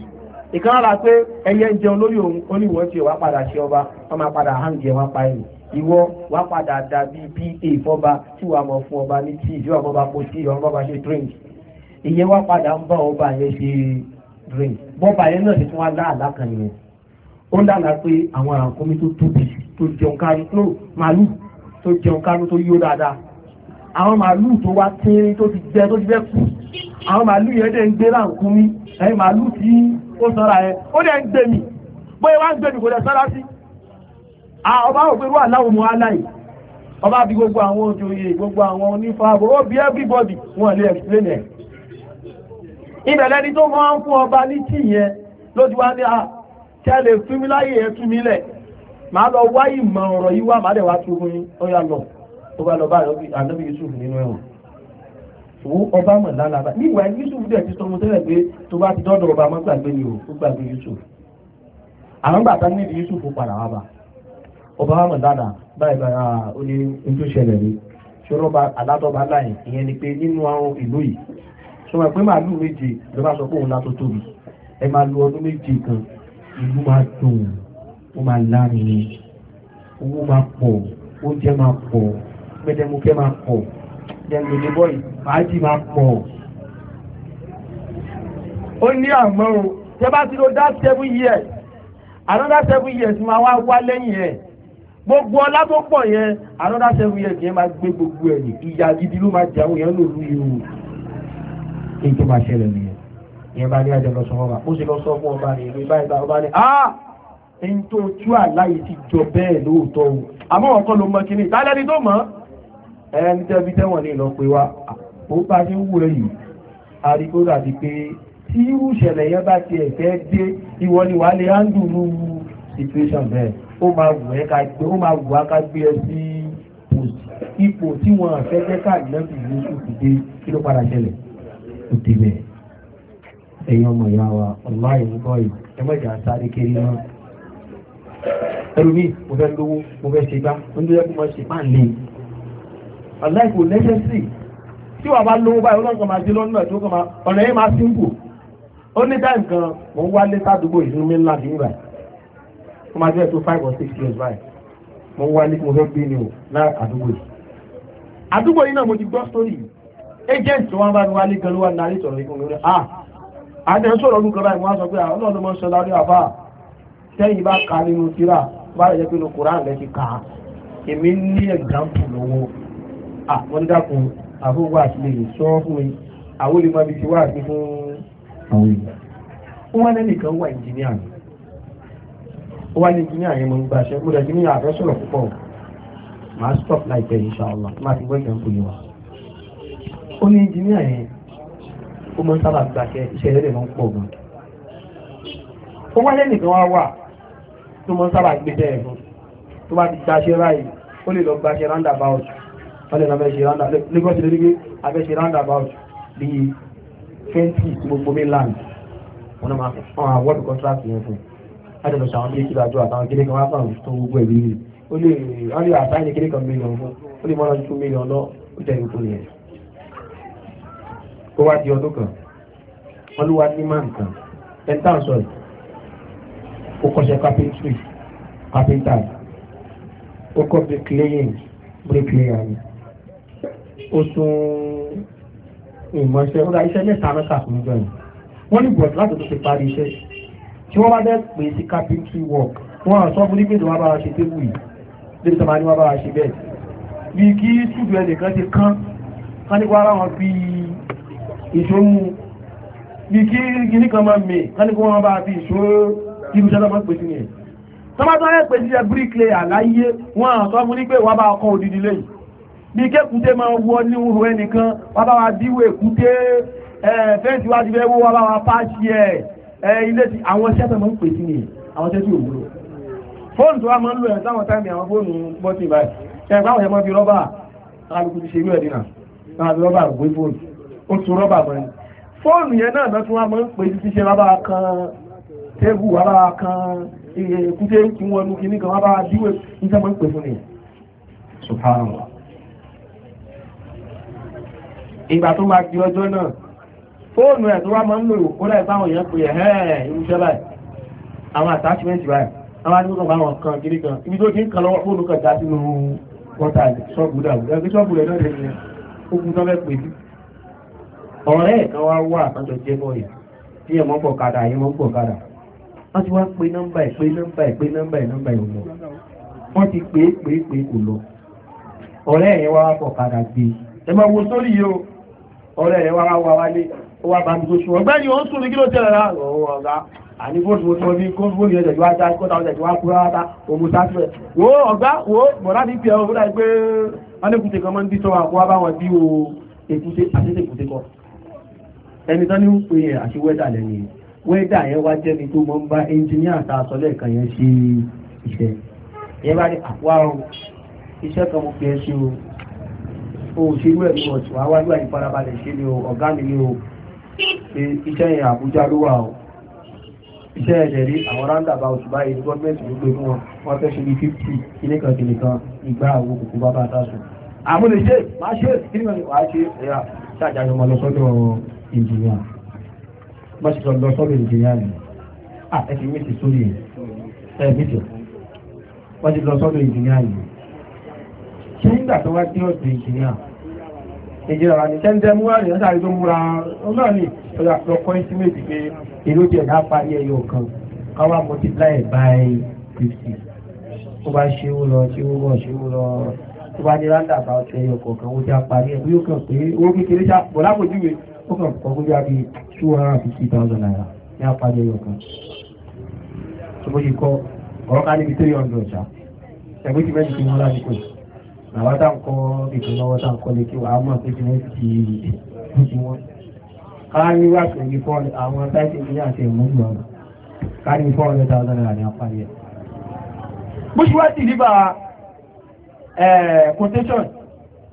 ìkan lálàá pé ẹyẹ ń jẹun lórí òun ó ní ìwọ tí wàá padà ṣe ọba wọn máa padà hàn jẹ wọn pa ẹ̀yìn ìwọ wàá padà dàbí pa fọba tí wàá mọ fún ọba ní tíì tí wàá mọ bá po tíì ó ń dàgbà pé àwọn àǹkómi tó tóbi tó jẹun kárí no màálù tó jẹun kárí tó yó dáadáa àwọn màálù tó wá tínrín tó ti jẹ tó ti fẹ́ kú àwọn màálù yẹn dẹ̀ ń gbé láǹkómi ẹ̀yìn màálù tí ó sọ́ra ẹ̀ ó dẹ̀ ń gbé mi bóyá wá ń gbé mi kò dẹ̀ sọ́ra sí ọba òpèrú aláwòmú aláì ọba bí gbogbo àwọn òjòyè gbogbo àwọn onífàbò ó bí everybody wọ́n lè explain ẹ̀ ìbẹ̀lẹ́ni tó mọ́ ń fún ọba ní tí yẹn ló ti wá ní ah, tẹ́ lè fún mi láyè ẹ̀ mi lẹ̀ lọ wá ìmọ̀ ọ̀rọ̀ yìí wá ma dẹ̀ wá tún yín ó Ọba lọ ó bá Yusuf nínú ẹ̀wọ̀n ọba mọ̀ lálàbà níwàá Yusuf dẹ̀ ti sọ tẹ́lẹ̀ pé tó ọba mọ́ ni o ó gbàgbé Yusuf àwọn gbà Yusuf padà wá bá ọba wa mọ̀ dáadáa báyìí báyìí ah, ó ní ojú ṣẹlẹ̀ ni aládọ́ba sọ ma pé màálù méje sọ pé òun ìlú máa dùn ó máa láàrin owó máa pọ̀ oúnjẹ máa pọ̀ gbẹdẹmukẹ́ máa pọ̀ gbẹdẹmukẹ́ bọ́ ìfàájì máa pọ̀. ó ní àmọ́ o tẹ bá ti lo that seven years another seven years máa wá wá lẹ́yìn ẹ̀ gbogbo ọlá tó pọ̀ yẹn another seven years yẹn máa gbé gbogbo ẹ̀ ìyá gidi ló máa jẹ àwọn èèyàn lòlú yìí o èyí tó máa ṣẹlẹ̀ nìyẹn ìyẹn bá ní àjọ lọ sọ ọba ó sì lọ sọ fún ọba ní ìwé báyìí bá ọba ní ah ẹni tó tú àláyé ti jọ bẹ́ẹ̀ lóòótọ́ o àmọ́ wọn kọ́ ló mọ kíní ìtàlẹ́ ni tó mọ̀ ẹni tẹ́bi tẹ́wọ̀n ní ìlọ pé wa ó bá ṣe ń wúrẹ́ yìí àríkó dàbí pé tí irú ìṣẹ̀lẹ̀ yẹn bá ti ẹ̀fẹ́ dé ìwọ ni wàá lè handle lu situation bẹ́ẹ̀ ó máa wù ẹ́ ká gbé ó máa wù á ká gbé ẹ sí ipò tí wọn àfẹ́ jẹ́ káàdì náà fi yóò sùn dé kí ló padà ṣẹlẹ̀ ó dé bẹ́ẹ̀ ẹ̀yin ọmọ ìyá wa ọláyé ń kọ́ yìí ẹ mọ̀jà sáré kiri náà ẹlòmíì mo fẹ́ lówó mo fẹ́ ṣe gbá ń tó yẹ kó mọ̀ ṣe máa lè ọláyé kò nẹ́sẹ̀sì tí wàá bá lówó báyìí ọlọ́run kan máa dé lọ́nà ẹ̀ tó kàn máa ọ̀nà yẹn máa sínkù ó ní táyì kan mò ń wálé sádùúgbò ìsinú mi ńlá nígbà ó máa jẹ́ tó five or six years báyìí mo ń wálé mo fẹ́ gbé ni o lára àdúgbò yìí àdúgbò yìí náà mo ti gbọ́ sórí agent tó wá bá mi wálé gan ló wà ní alẹ́ sọ̀rọ̀ ikú mi rẹ̀ ah àti ẹ̀ sọ̀rọ̀ ọdún kan báyìí wọ́n sọ pé àwọn ah, ọlọ́run mọ́ sọ lárí àbá tẹ́yìn bá ka nínú tírà bá rẹ̀ jẹ́ pé nukura rẹ̀ ti kà á èmi ní ẹ̀gbáǹpù lọ́wọ́ àwọn dídàkùn àfọwọ́ àti lè sọ fún mi àwọn olè máa fi ti wá àti fún àwọn èèyàn. wọ́n lẹ́nu kan wà ìjìníà ni ó wá ní ìjìníà yẹn mo ń gbàṣẹ mo dẹ̀ ní àfẹ́ sọ̀rọ̀ púpọ̀ màá stop láìpẹ́ insha Allah máa fi gbọ́ ìjàǹpù yìí wá. ó ní ìjìníà yẹn ó mọ́ sábà gbàṣẹ iṣẹ́ rẹ̀ mọ́ pọ̀ gan. ó wá lẹ́nìkan wá wà tó mọ́ sábà gbé bẹ́ẹ̀ fún tó bá ti gbàṣẹ báyìí ó lè lọ gbàṣẹ roundabout wọ́n lè lọ fẹ́ ṣe roundabout lagos lè rí abẹ́ ṣe roundabout bíi twenty gbogbo mainland wọn náà máa fọ́n award contract yẹn fún láti lọ ṣàwọn bíi kíláàjọ àtàwọn kéde kan wá fún tó gbogbo ìlú yìí ó lè wọ́n lè àtàyè kéde kan mílíọ̀nù fún ó lè mọ́ lọ́jọ́ tó mílíọ̀nù lọ́ ó jẹ́ ìlú tó yẹn tó wá di ọdún kan wọ́n ló wá ní máa nǹkan ẹ̀ńtà sọ yìí ó kọ́ṣẹ́ carpentry carpenter ó kọ́ bricklaying bricklayer ni ó tún ìmọ̀ọ́ṣẹ́ ó ra iṣẹ́ mẹ́ta mẹ́ta fún ìjọ yìí wọ́n ní bọ̀dù láti tó ti parí iṣẹ́ tí wọ́n bá dẹ́ pè sí carpentry work wọ́n á sọ fún nígbè tó wá bá wa ṣe tébù yìí débi tó máa ní wá bá wa ṣe bẹ́ẹ̀ bí kí ṣùgbọ́n ẹnìkan ti kán kán nípa ara wọn bíi ìṣòmù bí kí gíní kan máa mẹ́ káníkó wọn bá fi ìṣòro ibi ṣẹ́lá máa pèsè ní ẹ̀ tọ́mátọ́ ẹ̀ pèsè iṣẹ́ bricklayer àláyé wọn àtọ́ fún ní pé wà bá ọkọ̀ òdìdí lẹ́yìn bí kékùté máa wọ ní oòrò ẹnìkan wà bá wa díwò èkúté fẹ́ǹsì wájú bẹ́ẹ̀ wó wà bá wa páàṣì ẹ̀ ilé ti àwọn iṣẹ́ tó máa ń pèsè ní àwọn iṣẹ́ tí ò wúlò fóònù tó wà máa ń lò ẹ̀ sáwọn táìmì àwọn fóònù bọ́tì báyìí ó tún rọ́bà mọ́ ni fóònù yẹn náà lọ́tún wá máa ń pè títí ṣe bábá kan tébù bábá kan èkúté kí wọ́n nu kíní kan bábá díwé ní sẹ́ máa ń pè fún nìyẹn subhanallah ìgbà tó máa di ọjọ́ náà fóònù ẹ̀ tó wá máa ń lò ó láì báwọn èèyàn pè ẹ̀ irúṣẹ́ báyìí àwọn attachment báyìí àwọn adúgbò bá wọn kan kiri kan ibi tó kí ń kan lọ́wọ́ fóònù kan já sínú wọ́tà ṣọ́ọ̀bù dàbù ẹgbẹ́ ṣọ́ọ̀bù rẹ̀ náà lè ní ogun tó fẹ́ pè sí ọ̀rẹ́ kan wá wà àtàjọ jẹ́ bọ́ọ̀yà tí ẹ̀mọ́ pọ̀ kádà ayé mọ́ pọ̀ kádà wọ́n ti wá pé nọ́mbà ẹ̀ pé nọ́mbà ẹ̀ pé nọ́mbà ẹ̀ nọ́mbà ẹ̀ ò lọ wọ́n ti pé pé pé kò lọ ọ̀rẹ́ yẹn wá pọ̀ kádà gbé ẹ máa wo sórí yìí o ọ̀rẹ́ yẹn wá wá wálé ó wá bá mi tó sùn ọ̀gbẹ́ni ó ń sùn ní kí ló tẹ̀lé rà ọ̀gá àní fóònù mo tún fi kó fóònù yẹn tẹ̀síwá já kó táwọn kúrò rárá òmu sáfẹ́ wo ọ̀gá wo bọ̀dá ti pè ọ́ fúnra ẹ̀ ní kùtì kan máa ń bí sọ́wọ́ àkọ́wá báwọn bí o èkúté àti èkúté kan ẹni tán ní ń pè ẹ̀ àti wẹ́dà lẹ́nu yẹn wẹ́dà yẹn wá jẹ́ni tó mọ́ ń bá ẹnjìníà tá a sọ lẹ́ẹ̀kan yẹn ṣe iṣẹ́ yẹn bá ní àwa ah, o iṣẹ́ kan mo fi ẹ ṣe o o ṣe irú ẹ̀ ní ọ̀tún àwa ló àyè farabalẹ̀ ṣe ni o ọ̀gá mi ni o iṣẹ́ yẹn Àbújá ló wà o iṣẹ́ ẹ̀jẹ̀ rí àwọn roundabout oṣù báyìí gọ́ọ̀mẹ́ntì ló gbé fún wọn wọ́n fẹ́ ṣe ní fifty kíní kan kíní kan ìgbà àwọn òkùnkùn bá bá a sá sùn. àmúlẹ̀ ṣe máa ṣe ṣe ẹ̀yà ṣáàjà ni lọ sọ́dọ̀ engineer bá ṣe lọ sọ́dọ̀ engineer ni ah ẹ ti mí ti sórí ẹ mí ti bá ṣe lọ sọ́dọ̀ engineer ni ṣé nígbà tó wá dé ọ̀dọ̀ engineer engineer wa ni tẹ́ńtẹ́ múra rẹ̀ sáré tó múra ọlọ́ọ̀ ni ọjà lọ́kọ́ estimate pé èrò jẹ̀ náà parí ẹyọ kan káwá multiply by fifty tó bá ṣe ó lọ ṣe ó bọ̀ ṣe ó lọ tó bá ní randa about ẹyọ kọ̀ọ̀kan ó já parí ẹ̀ bí ó kàn pé owó kékeré ṣàpọ̀ lápòjúwe ó kàn kọ́ gbé àbí two hundred fifty thousand naira ní apájọ yóò kan tó bó ṣe kọ́ ọ̀rọ̀ níbi three hundred ṣá ẹgbẹ́ ti mẹ́rin ti wọ́n láti pè làwọn tá ń kọ́ ètò lọ́wọ́ tá ń kọ́ lé kí wàá mọ̀ pé ti wọ́n ti ti wọ́n ká ní wà pé ní fọ́ọ̀lù àwọn táìsì ní àti ìmúlù ọ̀rọ̀ ká ní four hundred thousand naira ní apájọ bó ṣe wá sí ìdíbà quotation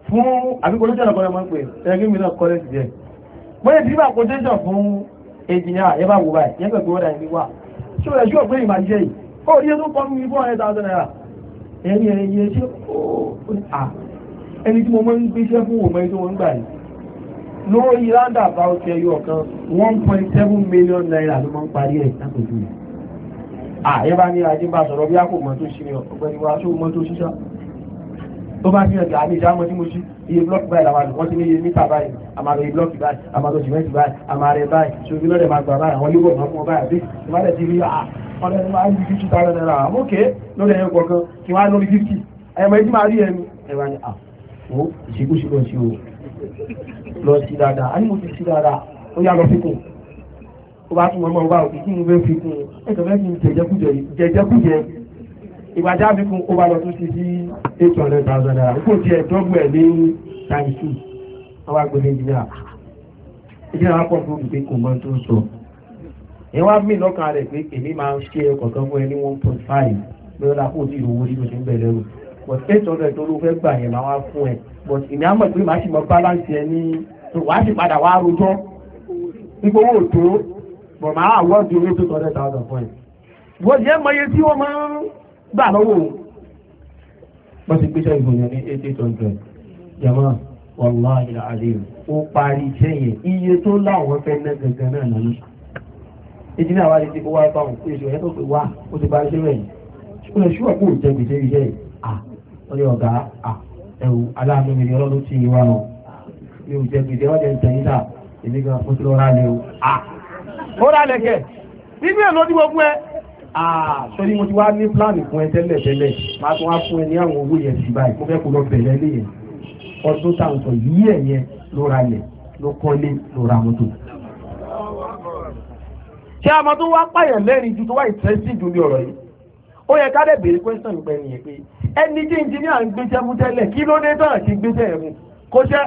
fún àbíkọ́ lójú ọ̀nà kan náà máa ń pè ẹgbẹ́ mi náà kọ́lẹ́sì jẹ́ bóyá tí bá kó tẹ́sán fún èjìyà ẹbá wò báyìí yẹ́ pẹ̀lú ọ̀dà ìlú wà ṣó rẹ̀ ṣó pé ìmà jẹ́ yìí ó rí ẹtún kọ́ mi fún ẹ̀ta ọ̀sán náírà ẹni ẹ̀yẹ ṣé ó ẹni tí mo máa ń gbéṣẹ́ fún òmọ ẹni tí wọ́n ń one point seven million naira ló máa ń parí ẹ̀ látòjú yìí àyẹ́bá ní ajé bá sọ̀rọ̀ bí a kò mọ́ tó tó bá sí ọjà àmì ìjámọ́ tí mo ṣí iye blọ́ọ̀kì báyìí làwọn àlùkọ́ sí ní iye mítà báyìí àmàrò iye blọ́ọ̀kì báyìí àmàrò sìmẹ́ntì báyìí àmàrò ẹ̀ báyìí ṣòbí lọ́dẹ̀ máa gbà báyìí àwọn lébọ̀ máa mú ọ báyìí àbí ìmọ̀lẹ̀ ti rí ọ̀rẹ́ máa ń bí fífi tààrà náírà àmókè lórí ẹ̀yọ kọ̀ọ̀kan kí wọ́n á lórí fífi ẹ̀mọ̀ ẹ̀dí máa rí ẹni ẹ̀wà ni à ó ìṣègùn sí lọ sí o lọ sí dáadáa a ní mo ti sí dáadáa ó yá lọ fíkùn ó bá tún ọmọ ọba òkè kí mo fẹ́ fíkùn ẹ̀kọ́ fẹ́ kí n jẹjẹkújẹ ìgbàjá fi kún ó bá lọ tún sí sí eight hundred thousand naira kò tiẹ̀ dọ́gbọ̀ ẹ̀ ní times two wọ́n wá gbélé ìjìnlẹ̀ ìjìnlẹ̀ wọn pọ̀ fún olùgbé kò mọ́ tó sọ ẹ wá mí lọ́kàn rẹ̀ pé èmi máa ń ṣe ẹ̀kọ́ kan fún ẹ ní one point five lọ́wọ́ la kó tí ìrówó ní oṣù bẹ̀rẹ̀ rò but eight hundred tó ló fẹ́ gbà yẹn máa wá fún ẹ but èmi á mọ̀ pé màá sì mọ balance ẹ ní wàá sì padà wá rojọ́ nípa owó tó but màá àwọ̀ di owó tó tọ́ gbà lọ́wọ́ òun wọ́n ti gbéṣẹ́ ìbòyàn ní eight hundred jama wàllá ìlà àdéhùn ó parí iṣẹ́ yẹn iye tó láwọn fẹ́ ná gangan náà lọ́nà ìdí náà wá lè ti kó wá bá òun pé èso yẹn tó pé wá ó ti parí iṣẹ́ rẹ̀ ó lè ṣúwọ̀ kó jẹ gbèsè iṣẹ́ yìí à ó ní ọ̀gá à ẹ̀wù aláàánú mi ni ọlọ́run ti yín wá lọ mi ò jẹ gbèsè wọ́n jẹ ń tẹ̀yìn sáà èmi gan fún tí lọ́ọ́ rálẹ̀ o. ó rálẹ̀ kẹ̀ nínú ẹ̀ lọ́dún gbogbo ẹ sọ́rí ah, mo ti wá ní pláàni fún ẹ tẹ́lẹ̀ tẹ́lẹ̀ máa tún wá fún ẹ ní àwọn owó yẹn sí báyìí mo fẹ́ kó lọ bẹ̀rẹ̀ lé yẹn ọdún tá à ń sọ yìí ẹ̀ yẹn ló ra yẹn ló kọ́lé ló ra mọ́tò. ṣé àmọ́ tó wá pààyàn lẹ́rìí ju tó wá ìtẹ́sí ju bí ọ̀rọ̀ yìí ó yẹ ká dẹ̀ béèrè question nípa ẹni yẹn pé ẹni tí engineer ń gbéṣẹ́ mú tẹ́lẹ̀ kí ló dé tán àti gbéṣẹ́ ẹ̀ mú kó ṣẹ́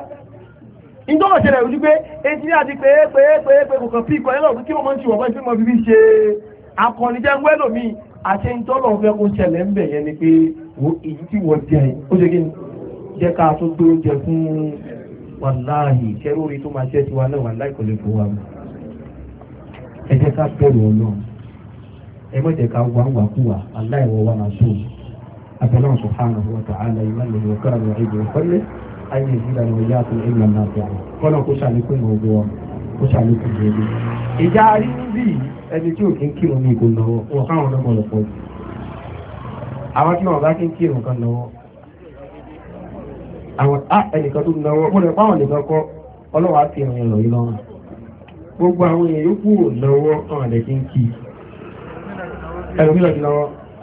ìjọba ṣẹlẹ̀ ojú pé engineer ti pé pé pé pé kò kàn fi ìkọ́ ẹ̀ lọ́wọ́ kí ló máa ń ṣe wọ̀n bá ìfimọ̀ bíbí ṣe é akọ̀nijẹ́ mi àti ìtọ́lọ̀ fẹ́ kó ṣẹlẹ̀ ń bẹ̀yẹ ni pé èyí tí wọ́n jẹ ó ṣe kí jẹ́ ká tó fún tó máa ti wa náà wàláhì fún wa mọ́ ká bẹ̀rù ọlọ́run ẹ ká wá wà kú wa aláìwọ̀ tó ayé ìdílé àwọn ìyá àti náà kọ́lọ́ kó ṣàlékún ní ẹni ìjà rí bí ẹni tí ò kí ń kírun ní ìgò náwó wọn káwọn náà mọ̀ lọ́pọ̀ jù àwọn tí wọ́n bá kí ń kírun kan náwó àwọn ah, ẹnìkan tó náwó mo lè pàwọn nìkan kọ́ ọlọ́wà á fi àwọn ẹ̀rọ yìí lọ́rùn gbogbo àwọn èèyàn yóò kúrò lọ́wọ́ àwọn àdẹ̀ kí ń kí ẹ̀rọ mílọ̀ jùlọ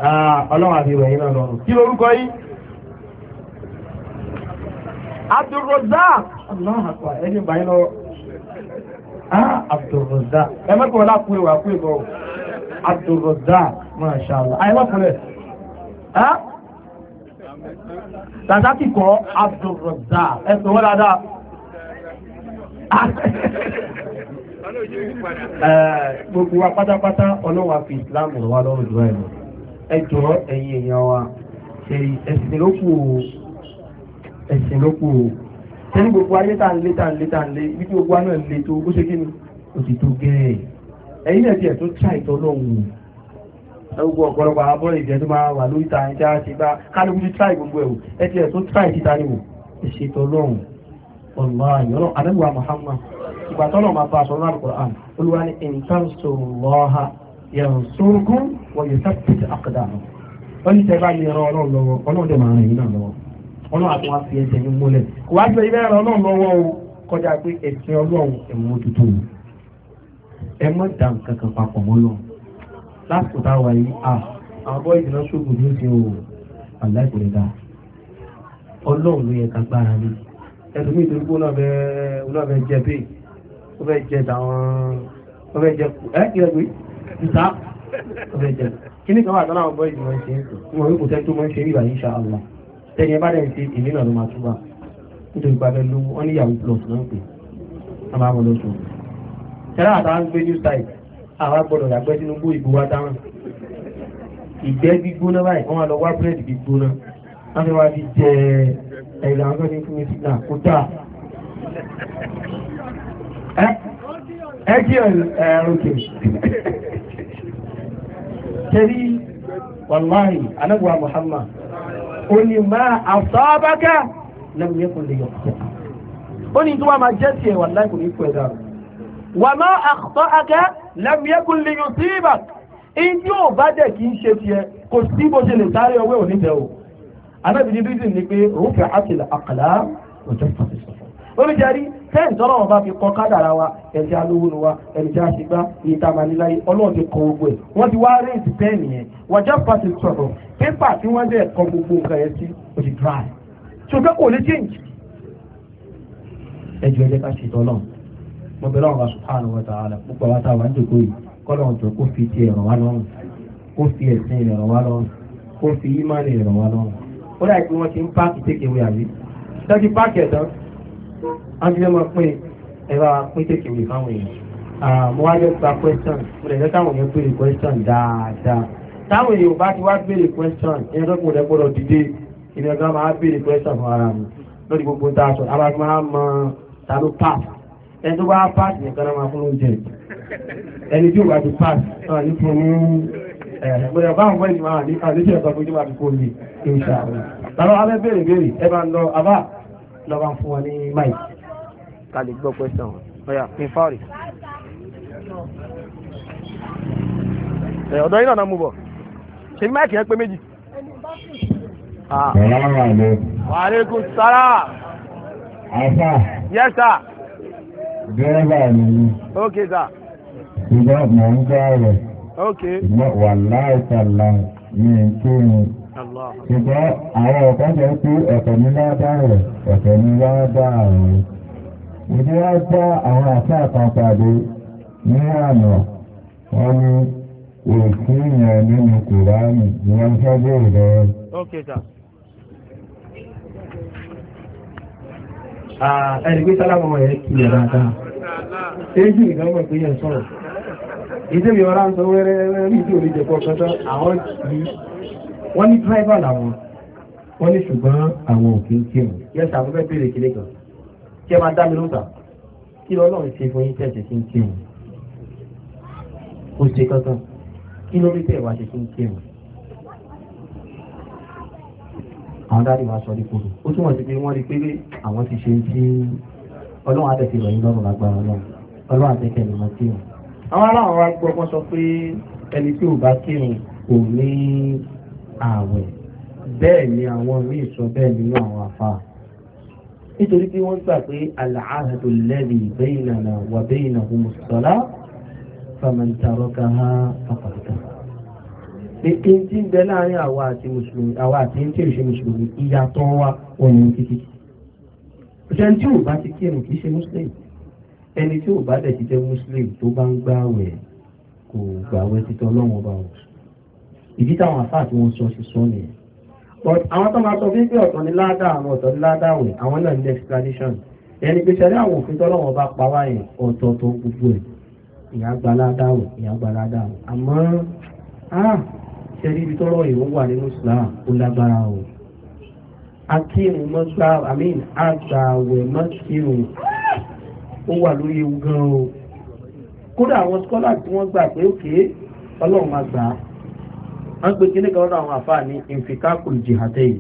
ah, ọlọ́wà àti ìwẹ̀ yìí náà lọ́rùn kí lórúkọ yìí Abdulrozak Allah akwa ẹni báyìí lọ́wọ́ Ah, Abdulrazak ẹ mẹ́kọ̀ọ́ lápúrẹ̀ wà pé bọ̀ Abdulrazak Masha Allah ayé mọ́kànlẹ̀ ah? tàzákì kọ́ Abdulrazak ẹ pè wọ́n dáadáa eh, gbogbo wa pátápátá ọlọ́wà fi Islam rọ̀ wá lọ́rùn jù ẹ̀ lọ ẹ jọ ẹ̀yin èèyàn wa ẹ̀sìn lókù ẹ̀sìn lókù ẹni gbogbo ayé tá ń lé tá ń lé tá lé ibi tí gbogbo aná lè tó ó ṣe kí ni ó ti tó gẹ́ẹ̀ ẹ̀yìn náà tiẹ̀ tó tíra ìtọ́ lọ́hùn ẹgbogbo ọ̀pọ̀lọpọ̀ àwọn ìjẹ́ tó máa wà lórí ta ìjà bá kálukú ti tíra ìgbogbo ẹ̀wò tó tíra ìtìta ni wò ọlọ́run àti wọn fi ẹsẹ̀ ní múlẹ̀ kò wá gbé ibẹ̀ ẹran ọlọ́run lọ́wọ́ o kọjá pé ẹ̀sìn ọlọ́run ẹ̀wọ̀n òtútù o ẹ mọ̀ dà nǹkan kan papọ̀ mọ́ lọ lásìkò tá a wà yìí à àwọn bọ́ ìdìnnà ṣògùn ní ìṣe o àláìpẹ̀lẹ̀ dà ọlọ́run ló yẹ ká gbára ní ẹlòmíì tó gbó náà bẹ́ẹ̀ náà bẹ́ẹ̀ jẹ bẹ́ẹ̀ ó fẹ́ jẹ tàwọn ó fẹ́ jẹ ẹ́ kí ẹ gbé ìta ó fẹ́ jẹ kí ní kan wà tán àwọn bọ́ ìdìnnà ṣe ń sọ wọn kò tẹ́ tó mọ́ ń ṣe rí ìbàyí ṣá àwọn tẹ́ni ẹ bá dẹ̀ ṣe èmi náà ló máa túbà nítorí pé abẹ́ lówó wọ́n ní yahoo plus náà pè á máa wọ́n lọ sùn. tẹ́lá àtàwọn ń gbé new site àwa gbọ́dọ̀ yàgbẹ́ Tinubu ìbò wa dáhùn ìgbẹ́ gbígbóná báyìí wọ́n wá lọ wá búrẹ́dì gbígbóná wọ́n fi wá fi jẹ ẹ̀rọ àwọn ọ̀gbìn fún mi sí náà kó tà. ẹ jí ẹ̀rọ kè tẹ́lí wàláhì anábùwà Muhammad ó ní máa àsọ́bákà lẹ́nu yẹn kò lè yọ ọ̀tọ̀ ó ní tó wà máa jẹ́ tiẹ̀ wà láì kò ní kú ẹ̀dá rẹ̀ wà máa àkọ́ akẹ́ lẹ́nu yẹn kò lè yọ sí ibà ìdí ò bá dẹ̀ kì í ṣe tiẹ̀ kò sí bó ṣe lè sáré ọwọ́ òní tẹ̀ o anábìyí bíbí ni pé rúfẹ́ àtìlẹ̀ àkàlà òjò fún olùjẹ́rí tẹ́ǹ tọ́lọ́ wọn bá fi kọ́ kádàrà wa ẹ̀jẹ̀ alówó ni wa ẹ̀jẹ̀ àṣegbá iye tá a máa níláyé ọlọ́run ti kọ gbogbo ẹ̀ wọ́n ti wá rẹ́ǹtì pẹ́ẹ̀nì yẹn wọ́n já pàṣẹ sọ̀rọ̀ pépà tí wọ́n dẹ̀ kọ gbogbo nǹkan yẹn sí o ti dry ṣùgbọ́n kò lè change. ẹjọ́ ẹjẹ́ ká ṣe tọ́lọ́ mo bẹ̀rẹ̀ àwọn subhanahu wa ta'ala gbogbo àwọn táwọn ń dòkó yìí kọ́lọ́run jọ kó fi tiẹ̀ ràn wá lọ́rùn kó fi ẹ̀sìn rẹ̀ ràn wá lọ́rùn kó fi ímánì rẹ̀ ràn wá lọ́rùn ó dà bí wọ́n ti ń páàkì take away ángílẹ̀ máa pín ẹ̀rọ pín tètè wì fáwọn èèyàn mo wá yẹ gba question mo lè jẹ́ káwọn èèyàn béèrè question dáadáa táwọn èèyàn bá ti wá béèrè question ẹni tó kùn rẹ gbọ́dọ̀ dìde ìní ọjọ́ máa béèrè question fún ara mi lórí gbogbo tá a sọ a máa máa mọ ta ló pass ẹni tó bá pass nìkan náà máa fún oúnjẹ ẹni tí ò bá ti pass náà ní fún ẹ̀rẹ̀ báwọn fún ìdìmọ̀ àdé àdéṣe ẹ̀sọ́ fún ìdìmọ̀ àdìkò ní ìṣàlẹ̀. Tàbí abẹ́ béèrè béèrè ẹ bá ń lọ abá lọ́wọ́ fún wọn ní máìkì ká lè gbọ́ question wọn ọ̀yà pinfari. Eh, ọ̀dọ̀ yìí nàá mú bọ̀ ṣe máìkì yẹn pé méjì. Wàhálẹ́kùn sára. Àfà. Yes sir. Dẹ́rẹ́bà ni mi. Ok sir. Ìgbà mọ̀ ń gbá rẹ̀. Ok. Ìgbà wà láìsàlà ní ìkírun. Ṣùgbọ́n àwọn ọ̀kan jẹ́ pé ọ̀tọ̀ ní wá rẹ̀, ọ̀tọ̀ ní wá dá rẹ̀ ìdí wọn bá àwọn àfáà kan pàdé ní àná wọn ní òkú yẹn nínú kùránì ni wọn fẹ́ bèrè lọ́wọ́. ẹni pé sálámù wọn yẹn kí ẹ̀rọ àdá éjì ìdánwò pé yẹn sọ̀rọ̀ ìdí mi ọlá ń sọ wẹ́rẹ́ wẹ́rẹ́ ìdí òní jẹ̀pọ̀ kọ́tọ́ àwọn yìí wọ́n ní tíráìbà làwọn wọ́n ní ṣùgbọ́n àwọn òkè ń kírun yẹ́sà mo fẹ́ bèrè kílé kí ẹ máa dá mi lóta kí lọ́lọ́run ṣe fún yín tẹ̀sí sí ń kéwù kò ṣe kankan kí ló rí tẹ̀wá ṣe sí ń kéwù. àwọn dáàdì wa sọ ní kúrò ó túmọ̀ sí pé wọ́n rí pé àwọn ti ṣe tí ọlọ́run àtẹ̀tẹ̀ rẹ̀ yín lọ́rùn lágbára ọlọ́run ọlọ́run àtẹ̀tẹ̀ rẹ̀ máa kéwù. àwọn aláwọ̀ wa gbọ́ wọ́n sọ pé ẹni tí ò bá kéwù kò ní ààwẹ̀ bẹ́ẹ̀ ni àwọn míì sọ bẹ́ẹ̀ nínú àwọn àfáà nítorí pé wọ́n gbà pé al-ahdu alladhi baynana wa baynahum as-salah faman tarakaha faqad kafara. ètò tí ń bẹ láàrin àwa àti mùsùlùmí àwa àti ń tí ìṣe mùsùlùmí ìyàtọ̀ wa ọ̀yàn títí. òṣèlú tí ò bá ti kírun kì í ṣe mùsùlùmí ẹni tí ò bá dẹ̀ ti jẹ́ mùsùlùmí tó bá ń gbààwẹ̀ kò gbààwẹ̀ títọ́ ọlọ́run ọba wọn. ìdí táwọn àfáà tí wọ́n sọ ti sọ nìyẹn but àwọn tó máa sọ bí pé ọ̀tọ̀ ní ládà àwọn ọ̀tọ̀ ní ládà wẹ̀ àwọn náà ní extradition ẹni pé sẹ́rí àwọn òfin tọ́lọ́wọ́n bá pa wáyé ọ̀tọ̀ tó gbogbo ẹ̀ ìyá gba ládà wẹ̀ ìyá gba ládà wẹ̀ àmọ́ sẹ́rí ah, ibi tọ́rọ̀ yìí ó wà nínú Islam ó lágbára o akírun mọ́gbà àmín àgbàwẹ̀ mọ́kírun ó wà lórí ewu gan o kódà àwọn scholar tí wọ́n gbà pé òkè ọlọ́run máa gbà á wọ́n pè kíní kan lọ́dọ̀ àwọn àfáà ní infikakul jihatayn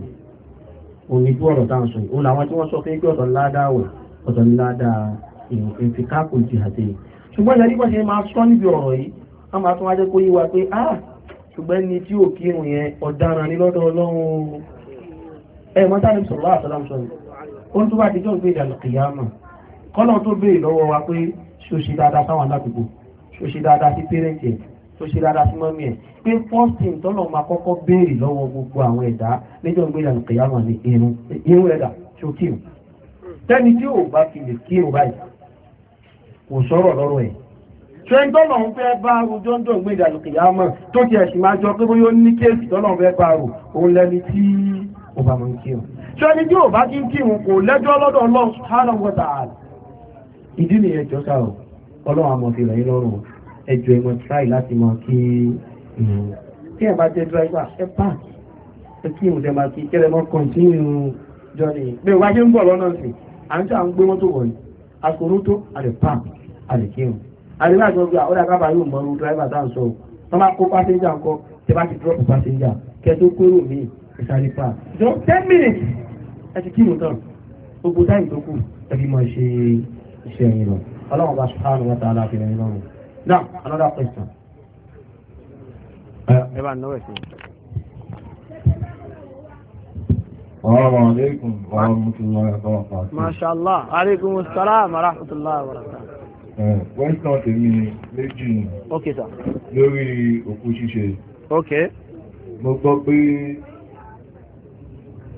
òní tí ọ̀rọ̀ táwọn sọ yìí òun làwọn tí wọ́n sọ pé kí ọ̀tọ̀ ládáwẹ̀ ọ̀tọ̀ ládáa infikakul jihatayn ṣùgbọ́n ìyàrí bọ́ ṣe máa sọ níbi ọ̀rọ̀ yìí a máa tún wá kó yí wa pé ah ṣùgbọ́n ní tí ò kírun yẹn ọ̀daràn ní lọ́dọ̀ ọlọ́run ẹ mọ́ tánà sọ̀rọ̀ àtàlám sọ̀rọ̀ ó ń tó bá ti wa pé ṣòṣì dáadáa sáwọn alákòókò ṣòṣì dáadáa sí pérẹ́ǹtì ẹ̀ tó ṣe dáadáa sí mọ́mí ẹ̀ pé first tọ́lọ̀ máa kọ́kọ́ béèrè lọ́wọ́ gbogbo àwọn ẹ̀dá níjọ́ ìgbé ìlànà kẹyàmà ní irun irun ẹ̀dà tí ó o tẹ́ni tí ò bá fi lè kírun báyìí kò sọ̀rọ̀ lọ́rọ̀ ẹ̀ ṣẹ́yìn ń fẹ́ bá arú jọ́ńdọ̀ ìgbé ìlànà kẹyàmà tó ti ẹ̀sìn máa jọ pé bóyá ó ní kéèsì tọ́lọ̀ ń fẹ́ bá arú òun lẹni tí ó bá máa ń kírun ṣẹ́ni tí ò bá ẹjọ́ ẹ̀wọ̀n try láti mọ̀ kí ìrùn hmm, tí bá jẹ́ driver ẹ park ẹ kí ìrùn tẹ́ máa kí kẹ́lẹ́ mọ́ continue journey pé wá ṣe ń bọ̀ lọ́nà sí à ń tí à ń gbé mọ́tò wọ̀nyí akoro tó àlè park àlè kírun àlè náà sọ pé àwọn àgbà yóò mọ irú driver tá à ń sọ o wọ́n máa kó passenger ńkọ́ tẹ́ bá ti drop passenger kẹ́ tó kúrò mí ìsáré park jọ ten minutes ẹ ti kírun tán gbogbo táyì tó kù ẹ fi máa ṣe iṣẹ́ yìí Now, another question. Uh, Ẹ̀bá náà ẹ̀sìn. Ọ̀rọ̀ alaykum wa rahmatullahi wa barakatuh. Mashallah, alaykum assalam wa rahmatullahi wa barakatuh. Wẹ́sàn uh, tèmi méjì nù. Ok sir. Lórí òkú ṣíṣe. Ok. Mo gbọ́ pé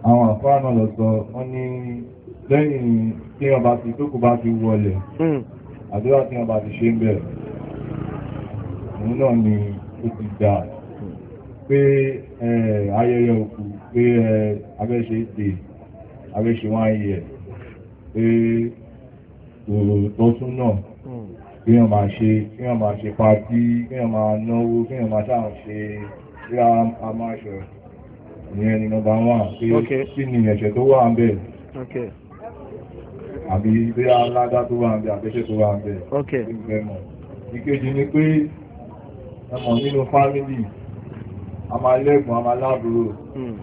àwọn àfáà náà lọ sọ, wọ́n ní lẹ́yìn tí ọba ti tókù bá ti wọlẹ̀, hmm. àdúrà òun náà ni ó ti dà pé ayẹyẹ òkú pé abẹ́ṣe dè abẹ́ṣe wọ́n ayẹ pé tọ́tún náà hmm. kí wọ́n máa ṣe kí wọ́n máa ṣe pàtí kí wọ́n máa náwó kí wọ́n máa sáà ṣe ríra amáṣọ ìyẹn ni nọmba wọn pé kí ni ẹ̀ṣẹ̀ tó wà ń bẹ̀ àbí bí aládá tó wà ń bẹ̀ àbẹ́ṣẹ̀ tó wà ń bẹ̀ ìkejì ni pé ẹmọ̀ nínú fámílì a máa lẹ́gbọ̀n a máa láàbúrò hmm.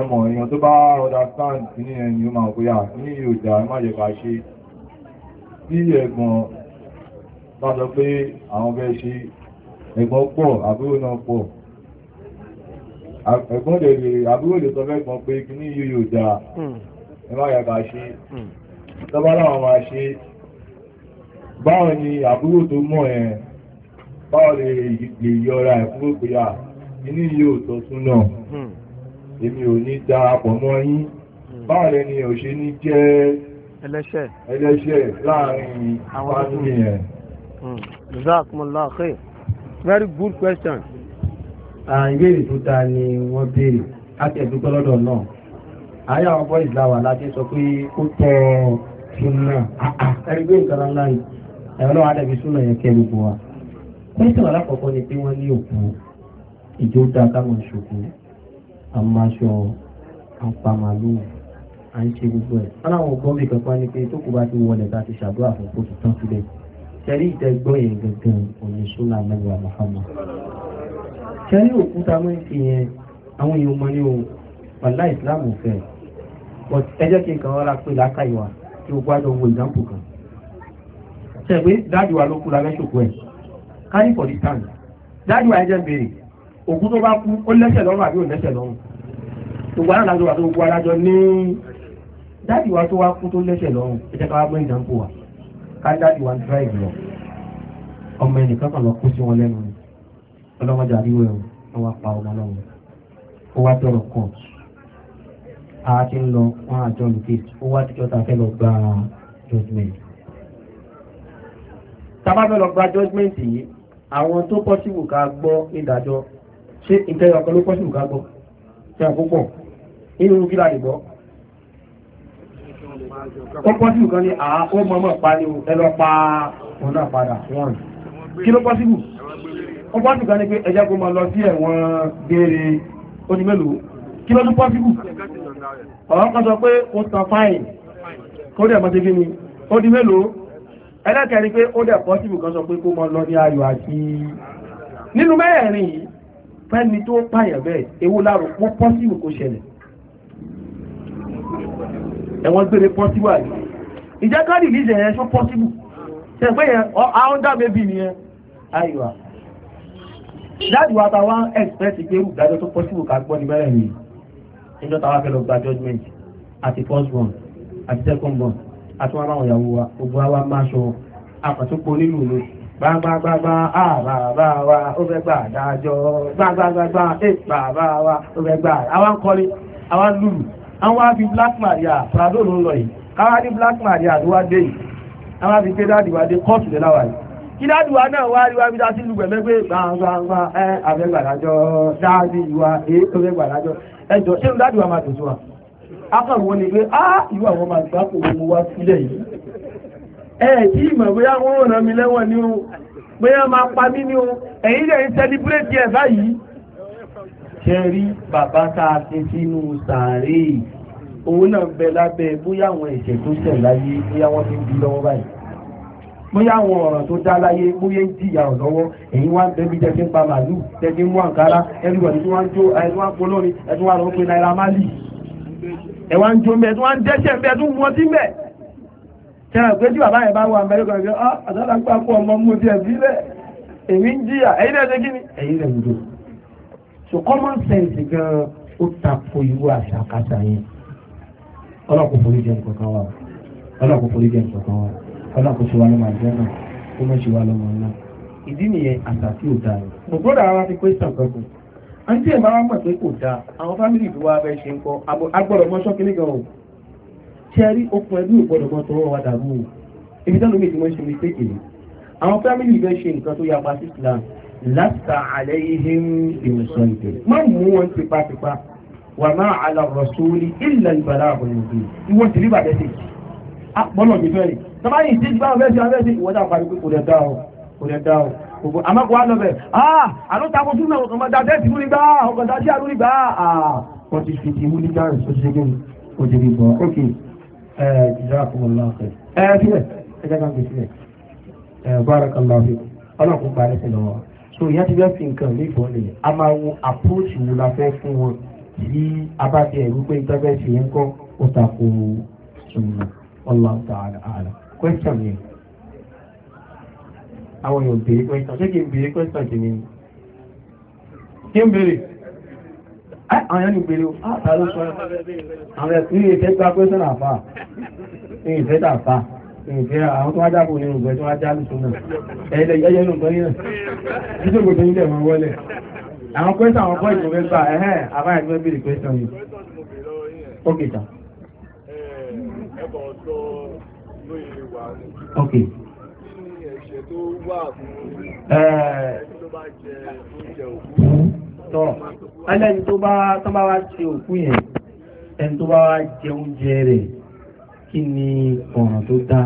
ẹmọ̀ èèyàn tó bá rọ́dá stand ní ẹni ó máa kóyà ní yóò dá ẹ má jẹ bá ṣe tí ẹ̀gbọ́n bá sọ pé àwọn fẹ́ ṣe ẹ̀gbọ́n pọ̀ àbúrò náà pọ̀ ẹ̀gbọ́n lè lè àbúrò lè sọ fẹ́gbọ́n pé kí ní yóò dá hmm. ẹ má jẹ bá ṣe hmm. tọ́bá láwọn máa ṣe báwọn ni àbúrò tó mọ̀ ẹ̀ báwọn lè yọra ẹ̀kún pé à inú yóò tọ́ tún náà hmm. èmi ò ní darapọ̀ mọ́ yín hmm. báwọn lẹni ò ní jẹ́ ẹlẹ́ṣẹ̀ láàrin àwọn yẹn. Hmm. jazakumullah khair very good question. ìbéèrè tó ta ni wọ́n béèrè láti lọ́dọ̀ náà àyà àwọn boys làwà láti sọ pé ó tọ́ sunna ẹ̀rí gbé nǹkan ńlá yìí ẹ̀rọ náà wà dàbí sunna yẹn kẹ́rù bọ̀ wá. Tẹ́sán alákọ̀ọ́kọ́ ni pé wọ́n ní òkú ìjó dá káwọn ṣòkú, àmàṣọ, àpamàlú, à ń ṣe gbogbo ẹ̀. Wọ́n láwọn ọgbọ́n mi kankan ni pé tókù bá ti wọlé bá ti ṣàdúrà fún kó tuntun sílẹ̀. Ṣẹ́rí ìtẹ́gbọ́ yẹn gangan òní Súnà Mẹ́wàá Mùhàmmá. Ṣẹ́rí òkúta mọ́ ìfi yẹn àwọn èèyàn mọ ní o, ìsìlámù fẹ́. Ẹ jẹ́ kí n kàn rárá pé lákàyè wa kí o gbádùn owó ìdáǹpù kan. Ṣẹ̀gbé dáàdì wa ló kú la mẹ́ṣòkú ẹ̀ kárí for the stand dájú àyẹ̀jẹ̀ ń béèrè òkú tó bá kú ó lẹ́sẹ̀ lọ́rùn àbí ò lẹ́sẹ̀ lọ́rùn gbogbo aláǹdà tó wà tó gbogbo alájọ ní dájú wa tó wá kú tó lẹ́sẹ̀ lọ́rùn ẹ jẹ́ ká wá gbẹ́yìn dáńpọ̀ wa ká dájú wa ń drive lọ ọmọ ẹnìkan kan lọ kó sí wọn lẹ́nu ọlọ́mọdé àríwẹ̀ wọn wá pa ọmọ náà ó wá tọrọ kọ́ a ti ń lọ wọn àjọ lùkè ó wá tíjọ́ ta fẹ́ lọ gba judgment. tá a bá fẹ́ lọ gba judgment yìí àwọn tó pọ́síwù ká gbọ́ ìdájọ́ ṣé ìtẹ́yọ̀ ọkọ̀ ló pọ́síwù ká gbọ́ ṣe àkópọ̀ inú kí láì gbọ́ ó pọ́síwù kan ní àwọn ọmọ ọmọ pa ni ẹlọ pa òun náà padà wọn kí ló pọ́síwù ó pọ́síwù kan ní pé ẹjẹ́ kó máa lọ sí ẹ̀wọ̀n gbére oní mélòó kí ló tún pọ́síwù ọ̀rọ̀ kan sọ pé ó tan fáìn kó dẹ̀ mọ́ sí kí ni ó di mélòó ẹlẹ́kẹ̀ẹ́rí pé ó dẹ̀ pọ́sibù kan sọ pé kó mọ lọ ní ayọ̀ àti nínú mẹ́rẹ̀ẹ̀rin yìí fẹ́ni tó pààyàn bẹ́ẹ̀ ewu láàrò ó pọ́sibù kó ṣẹlẹ̀ ẹ̀wọ̀n gbére pọ́sibù àyè ìjẹ́ káàdì lísẹ̀ yẹn sọ pọ́sibù ṣe pé yẹn àwọn dá bébì nìyẹn ayọ̀ dáàdì wa ta wá ẹ̀sìpẹ́sì pé irú ìdájọ́ tó pọ́sibù ká gbọ́ ní mẹ́rẹ̀ẹ̀rin ìjọ ta wá fẹ́ lọ gba judgment àti first born àti second born àtúwọ́n àwọn ìyàwó wa gbogbo àwa máa sọ àpàtúpọ̀ nínú ìlú gbàgbàgbàgbà àbàbà wa ó fẹ́ gbà dájọ́ gbàgbàgbàgbà èpàbà wa ó fẹ́ gbà àwọn kọrin àwọn lùlù àwọn àfi Black Maria Prado ló ń lọ yìí káwá ní Black Maria ló wá dé yìí àwọn àfi pé dáàdì wa dé kóòtù lé láwa yìí kí dáàdì wa náà wá rí wá bídá sí lùgbẹ̀mẹ́ pé gbàgbàgbà ẹ àfẹ́ gbà dájọ́ dáàdì wa èé ó fẹ́ gbà dájọ́ ẹjọ́ ṣé dáàdì akọ̀wọ́ ni pé á ìwọ àwọn ọmọ àgbà kò mú wá sílẹ̀ yìí ẹ̀ tí ìmọ̀ bóyá wọ́n rán mi lẹ́wọ̀n ní o bóyá máa pa mí ní o ẹ̀yìn lè ń sẹ́líbírẹ́tì ẹ̀ báyìí ṣe rí bàbá tá a fi sínú sàárè òun náà bẹ lábẹ́ bóyá àwọn ẹ̀ṣẹ̀ tó ṣẹ̀ láyé bóyá wọ́n ti ń bí lọ́wọ́ báyìí bóyá àwọn ọ̀ràn tó dá láyé bóyá ń jìyà ọ̀ lọ́wọ́ èyí wá ń bẹ́bí jẹ́ fi ń pa màálù jẹ́ fi ń mú àǹkárá ẹni wọ̀nyí tí wọ́n ń jó ẹni wọ́n ń polórin ẹni wọ́n ń pé náírà máàlì e ń jo mẹ́ẹ̀ tó wá ń dẹ́ṣẹ̀ mẹ́ẹ̀ tó sí mẹ́ẹ̀ tẹ́lẹ̀ pé tí bàbá yẹn bá wọ amẹ́ríkà àtàlà ọmọ mú ti ẹ̀bí rẹ̀ èmi ń jìyà ẹ̀yin gịnị?" ṣe kí so common sense gan ó tako irú àṣàkáṣà yẹn forí nǹkan forí nǹkan ṣe wà lọ́mọ àjẹ́ náà ṣe wà lọ́mọ àti ẹ̀bá wọn mọ̀ pé kò dáa àwọn fámìlì tó wá bẹ́ ṣe ń kọ́ agbọ́dọ̀ mọ́ ṣọ́kílì gan o ṣe rí okùn ẹbí ò gbọ́dọ̀ mọ́ tọwọ́ wa dàrú o ibi tẹ́lu mi ti mọ́ ṣe mistake ni àwọn fámìlì bẹ́ ṣe nǹkan tó yapa sí Islam láta àlẹ́ ihe ń bèrè sọ ìpè má mú wọn tipátipá wà má àlà rọ̀sọ́lì ilẹ̀ ìbàlá àbọ̀lùmọ̀bì ìwọ ti rí bàbẹ́ sí bọ́lọ̀ mi fẹ́ rí tọ́ba yìí ṣe ti bá wọn fẹ́ ṣe wọn fẹ́ ṣe gbogbo ah àlótakò tún náà ọmọ dáadẹ́ ti múlí gbá ọkọ̀ dáadé àrúrí ah wọ́n ti fi ti múlí gbá rẹ̀ tó ṣe gẹ́ òjèrè bọ̀ ok ẹ ìjọba fún ọlá ọ̀fẹ́ ẹ sílẹ̀ ẹ jẹ́ káńgbé sílẹ̀ ẹ barakallahu fi ọlọ́kùn parí sí lọ́wọ́ so ìyá ti fẹ́ fi nǹkan ní ìbọn lè a máa wo approach wo la fẹ́ fún wọn tí a bá ti ẹ̀rú pé ìtọ́fẹ́ ṣe ń kọ́ ó takò ṣùgbọ́n ọlọ́ọ̀ta àlà question yẹn àwọn èèyàn bèèrè pẹ́ntàn ṣé kí n bèèrè pẹ́ntàn jì ní kí n bèèrè àwọn èèyàn bèèrè àtàrí sọ àwọn ẹ̀sìn ìfẹ́ gba pẹ́ntàn àfà ìfẹ́ dàfà ìfẹ́ àwọn tó wá jábò nínú ìgbẹ́ tó wá já lùsùn náà ẹ̀ẹ́dẹ̀ yẹ́yẹ́ nù gbọ́n náà títí òkòtò ilẹ̀ wọn wọlé àwọn pẹ́ntàn àwọn bọ́ọ̀lù ìgbẹ́ gbà ẹ̀hẹ́ àbá ìgbẹ́ bèèrè pẹ́ntàn yìí Okay tọ́ ẹlẹ́ni tó bá tán bá wá ṣe òkú yẹn ẹni tó bá wá jẹ oúnjẹ rẹ̀ kí ni ọ̀ràn tó dá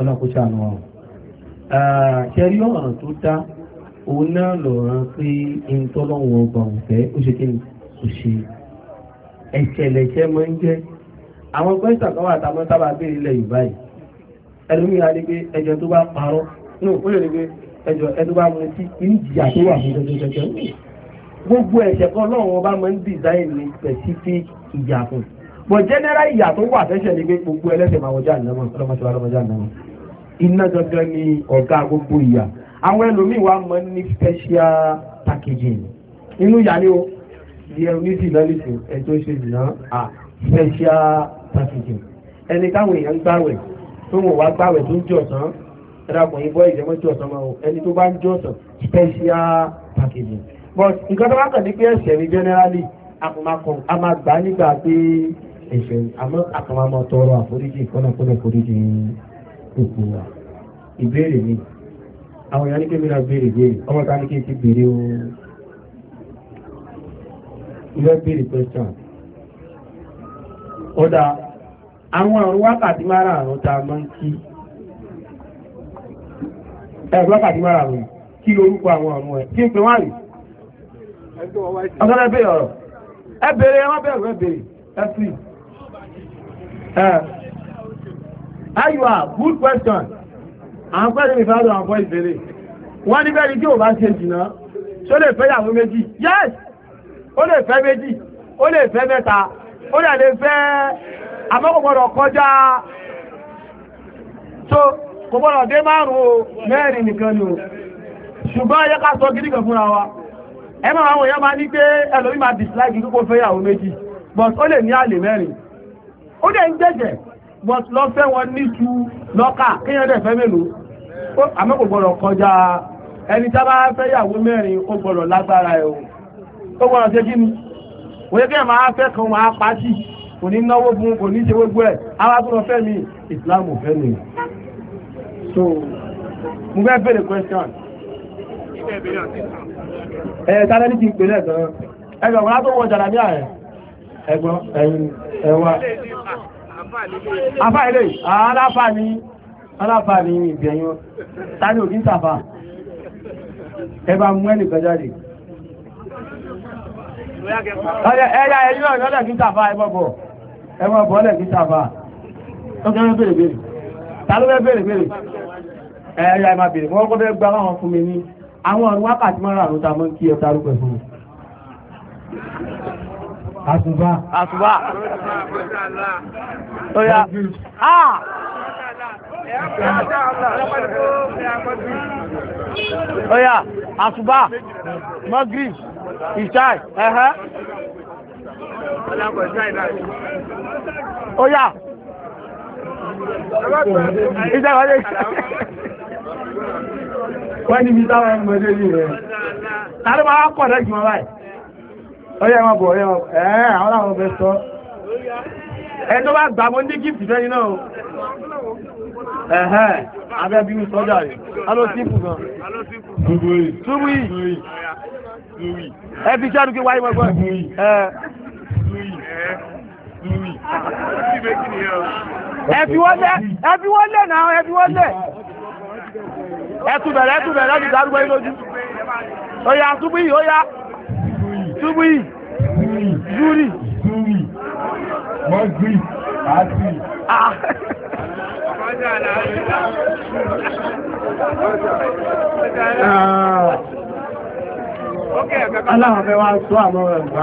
ọlọ́kùnṣe àná ọ̀ràn ṣe rí ọ̀ràn tó dá òun náà lọ̀ràn pé in tọ́lọ́wọ́ ọgbà òfẹ́ ó ṣe kí ni ṣe ẹ̀ṣẹ̀lẹ̀ṣẹ̀ máa ń jẹ́ àwọn pẹ́sà kan wà táwọn sábà béèrè ilẹ̀ Yorùbá yìí ẹlòmíràn ni pé ẹjọ́ tó bá parọ́ ní òkúlò ní pé ẹjọ́ ẹnu bá mú sí inú ìjìyà tó wà fún jẹjẹjẹjẹ gbogbo ẹ̀ṣẹ̀ kan lọ́wọ́ bá máa ń design ní specific ìjà fún bọ̀ general ìyà tó wà fẹ́ṣẹ̀ ní pé gbogbo ẹlẹ́ṣẹ̀ máa wọjá ànámọ̀ ọlọ́mọṣẹ́ wa lọ́mọjá ànámọ̀ iná gangan ni ọ̀gá gbogbo ìyà àwọn ẹlòmíì wa máa ń ní special packaging inú ìyà ni o di ẹrù ní ìsìn lọ́lẹ́sì ẹjọ́ ṣe ìná à special packaging ẹni táwọn èèyàn gbàwẹ̀ tó wọ́n wá gbàwẹ̀ tó ń jọ̀sán ẹ̀dàpọ̀ yìí bọ́ ìjẹ́mọ́ tí ọ̀sán máa wò ẹni tó bá ń jẹ́ ọ̀sán special packaging but nǹkan tó bá kàn ní pé ẹ̀ṣẹ̀ mi generally àpòmàkàn a máa gbà nígbà pé ẹ̀ṣẹ̀ àmọ́ àpòmàmọ́ tọrọ àforíjì kọ́nàkọ́nà àforíjì gbogbo wa ìbéèrè mi àwọn èèyàn ní pé mìíràn béèrè béèrè ọmọ ta ní kí n ti béèrè o ilé béèrè question ọ̀dà àwọn àrùn wákàtí márààrún tá a máa ń kí ẹ̀gbọ́kàtí mara wọ̀nyí kí lórúkọ àwọn ọmọ ẹ̀ kí n pè wọ́n rí ọ̀sán ẹbẹ̀rẹ̀ ọ̀rọ̀ ẹbẹ̀rẹ̀ ẹwọ́n bẹ̀rù ẹbẹ̀rẹ̀ ẹfì ayùwà ah, good question àwọn pẹ́lú mi fẹ́ràn àwọn pọ́ìsì lélẹ̀ wọ́n ní bẹ́ẹ̀ ni tí ò bá ṣe jìnnà ṣó lè fẹ́ yàwó méjì yes ó lè fẹ́ méjì ó lè fẹ́ mẹ́ta ó lè fẹ́ àmọ́kọ̀gbọ́dọ̀ kọjá so kò gbọ́dọ̀ dé márùn-ún mẹ́rin nìkan ni o ṣùgbọ́n ẹyẹ ká sọ gidi fúnra wa ẹ máa àwọn èèyàn máa ní pé ẹlòmí máa dislike kókó fẹ́yàwó méjì but ó lè ní àlè mẹ́rin ó dẹ̀ ń gbẹ̀jẹ̀ but lọ fẹ́ wọn ní ju lọ́kà kéèyàn dẹ̀ fẹ́ mélòó àmọ́ kò gbọ́dọ̀ kọjá ẹni tá bá fẹ́yàwó mẹ́rin ó gbọ́dọ̀ lágbára ẹ̀ o ó gbọ́dọ̀ ṣe kí ni òye kéèyàn máa fẹ́ kan máa pàtì kò ní náwó fún kò mi ìsìlámù fẹ́ mi so mo fẹ́ bẹ̀rẹ̀ question ẹ̀ tàbí ní ti pè lẹ́ẹ̀kan ẹgbẹ̀ wọn látó wọ jàdàbíà ẹ̀ ẹgbọ́n ẹ̀yìn ẹwà afá ilé aláfà ní aláfà ní ìbẹ̀yàn tàbí òkí sàfà ẹbà mú ẹnìkan jáde ẹ̀yà ẹ̀yìn ọ̀rẹ́ lẹ́kí sàfà ẹbọ̀ bọ̀ ẹbọ̀ bọ̀ lẹ́kí sàfà ó kẹ́rẹ́ bèèrè bèèrè ta ló fẹ́ ẹ̀yà ìmá bèrè wọ́n kọ́ fẹ́ gba àwọn fún mi ní àwọn ọ̀rùn wákàtí mọ́ra àrùn ta mọ́ kí ẹ dárúkọ ẹ̀ fún mi. àtùbà. àtùbà. ìjáwálé wọ́n ní bí táwọn ẹgbẹ́ lé ní rẹ̀ tàbí máa kọ̀ lẹ́gbìn wọn báyìí ọyẹ́ wọn bọ̀ ọyẹ́ wọn ẹ̀ẹ́ àwọn àwọn ọbẹ̀ sọ ẹni tó bá gbà mọ́ ní gífì fẹ́ iná o ẹ̀hẹ́ abẹ́ bí mi sọ́jà rẹ̀ aló sífù gan túbú yìí ẹ fi ẹ̀fí wọ́n lẹ̀ náà ẹ̀fí wọ́n lẹ̀ ẹ̀tùbẹ̀rẹ̀ ẹ̀tùbẹ̀rẹ̀ ọdún dárúgbọ́ ilójú oya túbú yìí oya túbú yìí zúrì mọ́gbì àti Aláwọ̀ fẹ́ wá sọ àwọn ọ̀gbá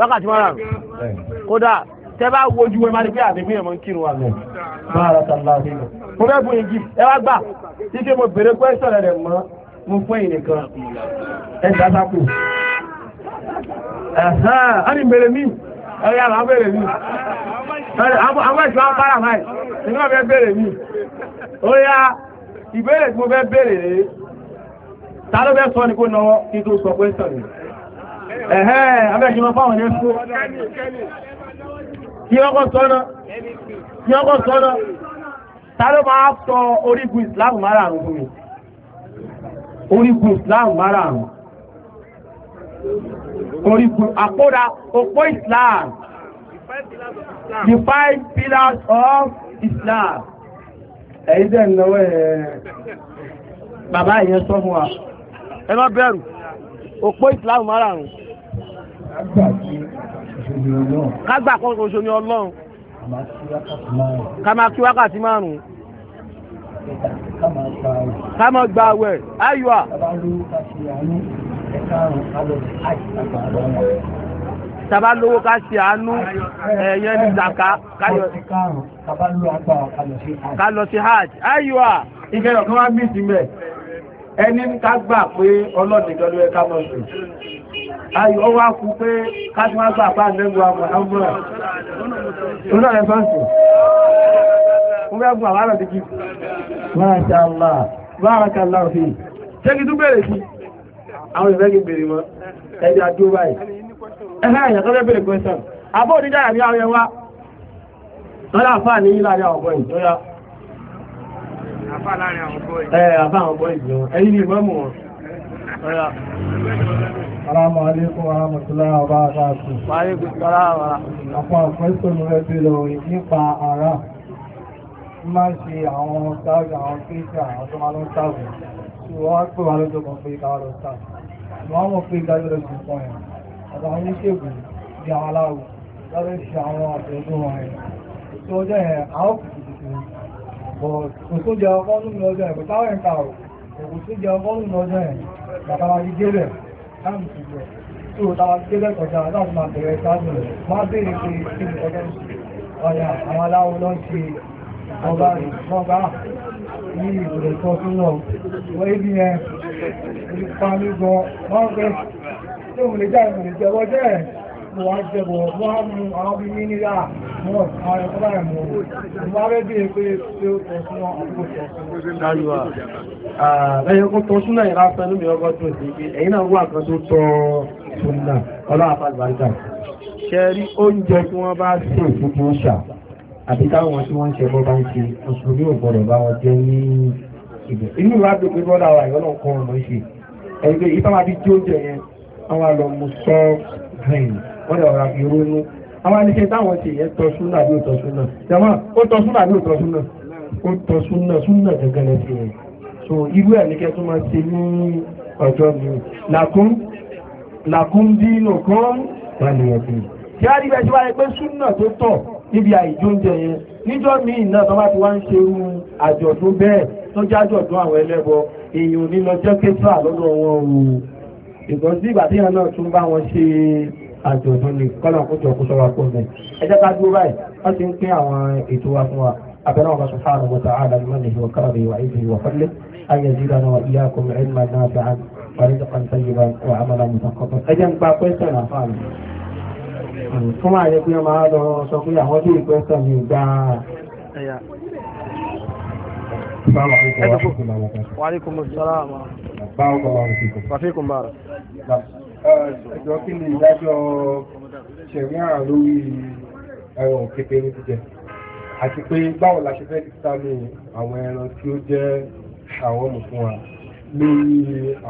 wákàtí mọ́ra kódà tẹ́ bá wojú ẹ máa rí pé àdébí ẹ̀mọ́ ń kírun wa lẹ́yìn máa rà tàbí láti lọ. mo fẹ́ fún yín gift ẹ wá gbà tí kí mo bèrè question rẹ̀ mọ́ mo fún yín nìkan ẹ dá sápò. a ní bèrè mí ẹ yà máa bèrè mí àwọn ìṣọ́ apára máì nínú ọ̀fẹ́ bèrè mí. ó yá ìbéèrè tí mo fẹ́ bèrè rèé ta ló fẹ́ sọ ni kó náwó kí ẹ̀hẹ́ abẹ́kí mọ́ fáwọn ẹ̀kú kí ọkọ̀ sọ́nà kí ọkọ̀ sọ́nà tàbí máa sọ orígun Islam mara àrùn fún mi orígun Islam mara àrùn orígun àpóra òpó Islam the five pillars of Islam ẹ̀yí jẹ́ ìnáwó ẹ̀ bàbá ìyẹn sọ fún wa ẹ má bẹ̀rù òpó Islam mara àrùn ká gbà kọ́ oṣù ní ọlọ́run ká máa kí wákàtí márùn-ún ká máa gba àwẹ̀ ayọ̀ à. tàbá lówó ká ṣe àánú ẹ̀yẹn ní zaka ká lọ sí hajj ayọ̀ à. ìkẹyọ̀ kan bí ìsinmi rẹ̀ ẹni ń ká gbà pé ọlọ́dún ìjọdú ẹ ká mọ̀sù ayò ọwá kú pé káàkiri wọ́n gbà bá nẹ́gbà àmúrà ọ̀nà ẹ̀fẹ́sì wọ́n fẹ́ gùn àwọn àrọ̀dí kí bárakàlá fi ṣe kí tún bèèrè sí àwọn ìfẹ́ kí bèèrè mọ́ ẹjọ́ àdó báyìí ẹ̀hẹ́ ìyàtọ́lẹ́ bèèrè kwẹ́sàn àbọ̀ òdíjà àrí àwọn ẹwà lọ́dà àfà láàrin àwọn bọ́ọ̀lù. Ẹ àfà àwọn bọ́ọ̀lù jù wọn. Ẹyin ni ìmọ̀ọ́mù wọn. Aláàmù alékún arámọ̀tílára ọba àtàkù. Àpọ̀ àpẹ́sọ̀ rẹ̀ bí lọ nípa ara. Má ṣe àwọn sáàgì àwọn kéjà àwọn tó máa lọ sáàgì. Tí wọ́n wá pè wá lọ́jọ́ kan pé káwá lọ sáàgì. Wọ́n kò tó jẹ ọkọ́ lónìí ọjọ́ ẹ̀ kò táwọn ẹ̀ ta ò kò tó jẹ ọkọ́ lónìí ọjọ́ ẹ̀ bàbá wa ti débẹ̀ láàmù sí jẹ tí ó táwa débẹ̀ kọjá láti máa bẹ̀rẹ̀ ìtajà máa béèrè pé kí ni ọjọ́ ọ̀yà àwọn aláwo lọ ṣe ọba ìgbọ́gbà ní ìbẹ̀rẹ̀ sọ fún lọ wọ́n wọ́n wọ́n mú àwọn bí ní nílá wọ́n àwọn ẹ̀kọ́ báyẹ̀ mú wọ́n wọ́n rẹ̀ bí i pé pé ó tọ̀ sí wọn àkókò tọ̀ àti táwọn tí wọ́n ń ṣe bọ́ bá ń ṣe mùsùlùmí ò gbọ́dọ̀ bá wọn jẹ́ ní ìbẹ̀ inú ìwádìí pé bọ́dà wà ìwọ́nà kan ọ̀nà ìṣe ẹgbẹ́ ìtàwà bí tí ó jẹ yẹn wọ́n lọ́ra fi ronú àwọn ẹniṣẹ́ táwọn ti yẹ tọ́ súnà bí ó tọ́ súnà jẹ́mọ́ ó tọ́ súnà bí ó tọ́ súnà ó tọ́ súnà súnà gẹ́gẹ́ lọ sí ẹ̀ so irú ẹ̀ ní kẹ́ tó máa ṣe ní ọjọ́ mi làkún dínú kan wà ní ẹ̀sìn tí a rí bẹ́ẹ̀ tí wáyé pé súnà tó tọ́ níbi àìjóúnjẹ yẹn níjọ́ míì náà tó bá ti wá ń ṣe irú àjọ̀dún bẹ́ẹ̀ tó jẹ́ àjọ̀dún àwọn ẹlẹ́bọ èèyàn ní lọ jẹ́ kéfà lọ́dọ̀ wọn o ìgbọ́n sí ìgbà tí wọn náà tún bá wọn ṣe àjọ̀dún ni kọ́lọ̀ kó jọ kó sọ́ra kó mẹ́ ẹ jẹ́ ká dúró báyìí wọ́n ti ń pín àwọn ètò wa fún wa abẹ́rẹ́ wọn subhanahu wa ta'ala bimanihi wa karamihi wa izzihi wa fadlihi an yazidana wa iyyakum ilman nafi'an wa rizqan tayyiban wa amalan mutaqabbalan ẹ jẹ́ ń gba pẹ́sẹ̀ náà fáàmì fún àyè pé máa lọ sọ pé àwọn tí ì pẹ́sẹ̀ mi gbá Assalamu Báwo kọ́ wa ẹ̀jọ́ kí ni ìdájọ́ ṣẹ̀ríà lórí ẹran kékeré jíjẹ àti pé báwo la ṣe fẹ́ sáré àwọn ẹran tí ó jẹ́ àwọn mùsùn wa lórí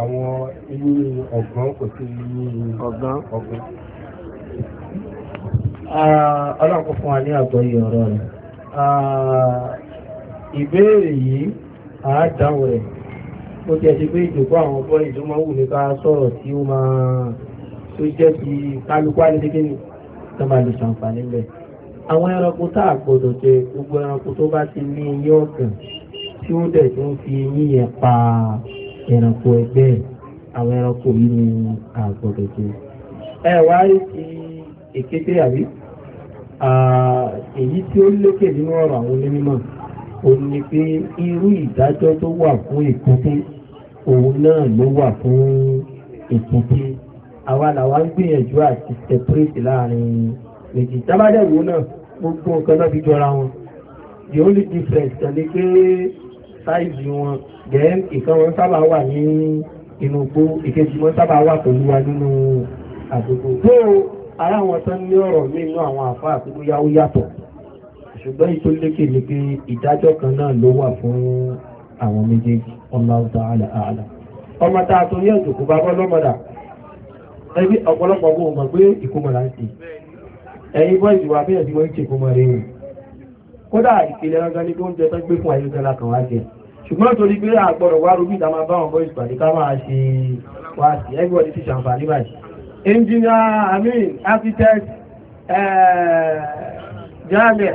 àwọn inú ọ̀gbọ́n kò sí inú ọ̀gbọ́n ọ̀gbọ́n. ọlọ́run kò fún wa ní àgbọ́yé ọ̀rọ̀ rẹ̀ ìbéèrè yìí àádáwọ̀ rẹ̀ ó jẹ́ ṣe pé ìjòkó àwọn bọ́ ìjọ máa wù ní ká sọ̀rọ̀ tí ó máa tó jẹ́ ti kálukú àdédégbé ni tó máa lè ṣàǹfààní lẹ̀. àwọn ẹranko tá a gbọ́dọ̀ jẹ gbogbo ẹranko tó bá ti ní eyín ọ̀gàn tí ó dẹ̀ tó ń fi eyín yẹn pa ẹranko ẹgbẹ́ àwọn ẹranko yìí ni a gbọ́dọ̀ jẹ. ẹ wá rí ti èkété àbí èyí tí ó lékè nínú ọ̀rọ̀ àwọn onímọ̀ òun ni pé irú ìdájọ́ tó wà fún èkúté òun náà ló wà fún èkúté àwa làwa ń gbìyànjú àti separate láàrin méjì tábàdẹ̀wò náà gbogbo nǹkan náà fi jọra wọn the only difference kan ni pé sáìzì wọn then ìkan wọn sábà wà ní inú gbó ìkejì wọn sábà wà pẹ̀lú wa nínú àdúgbò tó ara wọn tán ní ọ̀rọ̀ mí inú àwọn àfa àti bóyá yàtọ̀ ṣùgbọ́n ètò lékè ni pé ìdájọ́ kan náà ló wà fún àwọn méjèèjì ọmọ ọ̀tá àlà àlà ọmọ tá a torí ẹ̀sùn kò bá bọ́ lọ́mọdà ẹbí ọ̀pọ̀lọpọ̀ kò mọ̀ pé ìkómọ là ń ṣe ẹ̀yin bọ́ ìdìbò abẹ́yẹ̀ tí wọ́n ń ṣe kó mọ rẹ̀ wò kódà ìpìlẹ̀ ọ̀gá ni tó ń jẹ tán gbé fún ayélujára kan wá jẹ ṣùgbọ́n torí pé àgbọ̀rọ̀ wá rubí ìdá máa bá wọn bọ́ ìpàdé ká máa ṣe wá sí everybody ti ṣàǹfààní báyìí engineer amin architect eh, jamiu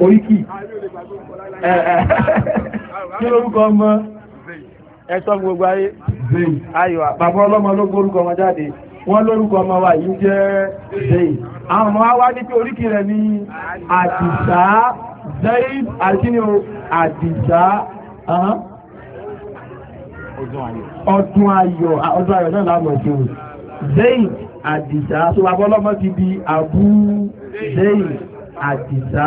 oríkì kí lórúkọ ọmọ ẹ̀sọ́ gbogbo ayé ayọ̀ bàbá ọlọ́mọ ló gbórúkọ ọmọ jáde wọ́n lórúkọ ọmọ wa yìí jẹ́ zayn àwọn ọmọ wá ní pé oríkì rẹ̀ ní àdìsá zayn àti ní àdìsá ọdún ayọ̀ ọdún ayọ̀ náà láàmọ̀ tí ó zayn àdìsá tó bàbá ọlọ́mọ ti di àbú zayn àdìsá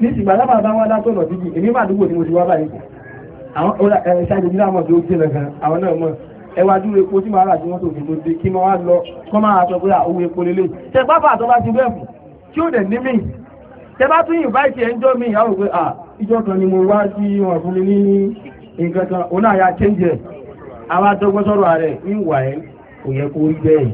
ní ìgbà lábàá bá wá látọ̀nà dídì èmi máa dúgbò tí mo ti wá báyìí kù àwọn ṣáàjì nílá mọ̀ tó gbé lọ́gàn àwọn náà mọ̀ ẹ wá dúró epo tí màá rà tí wọ́n tó fi tó dé kí wọ́n wá lọ kọ́ máa sọ pé owó epo lélẹ̀ tẹ pápá àtọ́lá ti wẹ̀fù tí ó dẹ̀ ní mí tẹ bá tún invite ẹ̀ ń jọ mi ìyàwó pé ìjọ kan ni mo wá sí wọn fún mi ní nǹkan kan òun náà ya change ẹ̀ àwa dọ́gbọ́n sọ̀rọ̀ ààrẹ ń wà ẹ́ kò yẹ kó rí bẹ́ẹ̀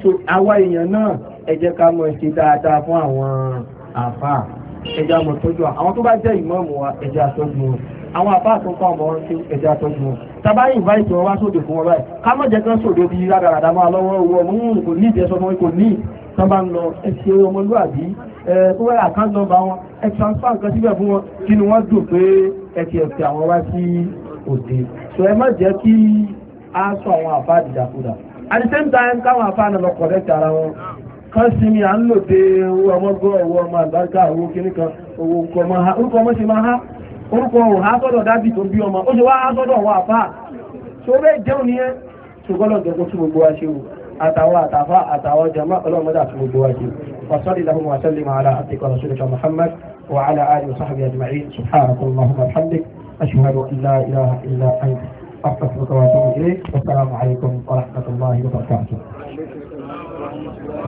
so àwa èèyàn náà ẹ jẹ́ ká mọ̀ ṣe dáadáa fún àwọn àfáà ẹja mọ̀ tọ́jú wa àwọn tó bá jẹ́ ìmọ̀ọ̀mù wa ẹja tọ́jú wọn àwọn àbá àtúntò ọmọ wọn ẹja tọ́jú wọn tàbá ìnváìtì wọn wá sóde fún wọn ká mọ̀ jẹ́ kán sóde bí rádaràdà máa lọ́wọ́ owó ọmọ mú kò ní ìjẹsọ mọ́ kò ní tán bá ń lọ ẹsẹ̀ ọmọlúwàbí ẹ tó wẹ́ àkáǹtì nọ́mbà wọn ẹ transfer nǹkan síbẹ̀ fún wọn kí ni wọ́n dùn pé ẹ ti ẹ̀fẹ̀ àwọn wá sí òde so ẹ má jẹ́ kí á sọ àwọn àbá àdìdàkudà at the same time káwọn àbá náà lọ correct ara wọn kan sí mi à ń lò dé owó ọmọgbọ́ owó ọmọ àgbáríkà owó kìíní kan owó nǹkan ọmọ ha orúkọ ọmọ ṣe máa ha orúkọ òun ha sọ́dọ̀ dábì tó bí ọmọ ó ṣe wá ha sọ́dọ̀ wọ àfà tó bẹ́ẹ̀ jẹun nìyẹn ṣùgbọ́n lọ́jọ́ kó tún gbogbo wa ṣe wò àtàwọn àtàfà àtàwọn jama ọlọ́mọdé àti gbogbo wa ṣe وصلي اللهم وسلم على عبدك ورسولك محمد وعلى اله وصحبه اجمعين سبحانك اللهم وبحمدك اشهد ان لا اله الا انت استغفرك واتوب اليك والسلام عليكم ورحمه الله وبركاته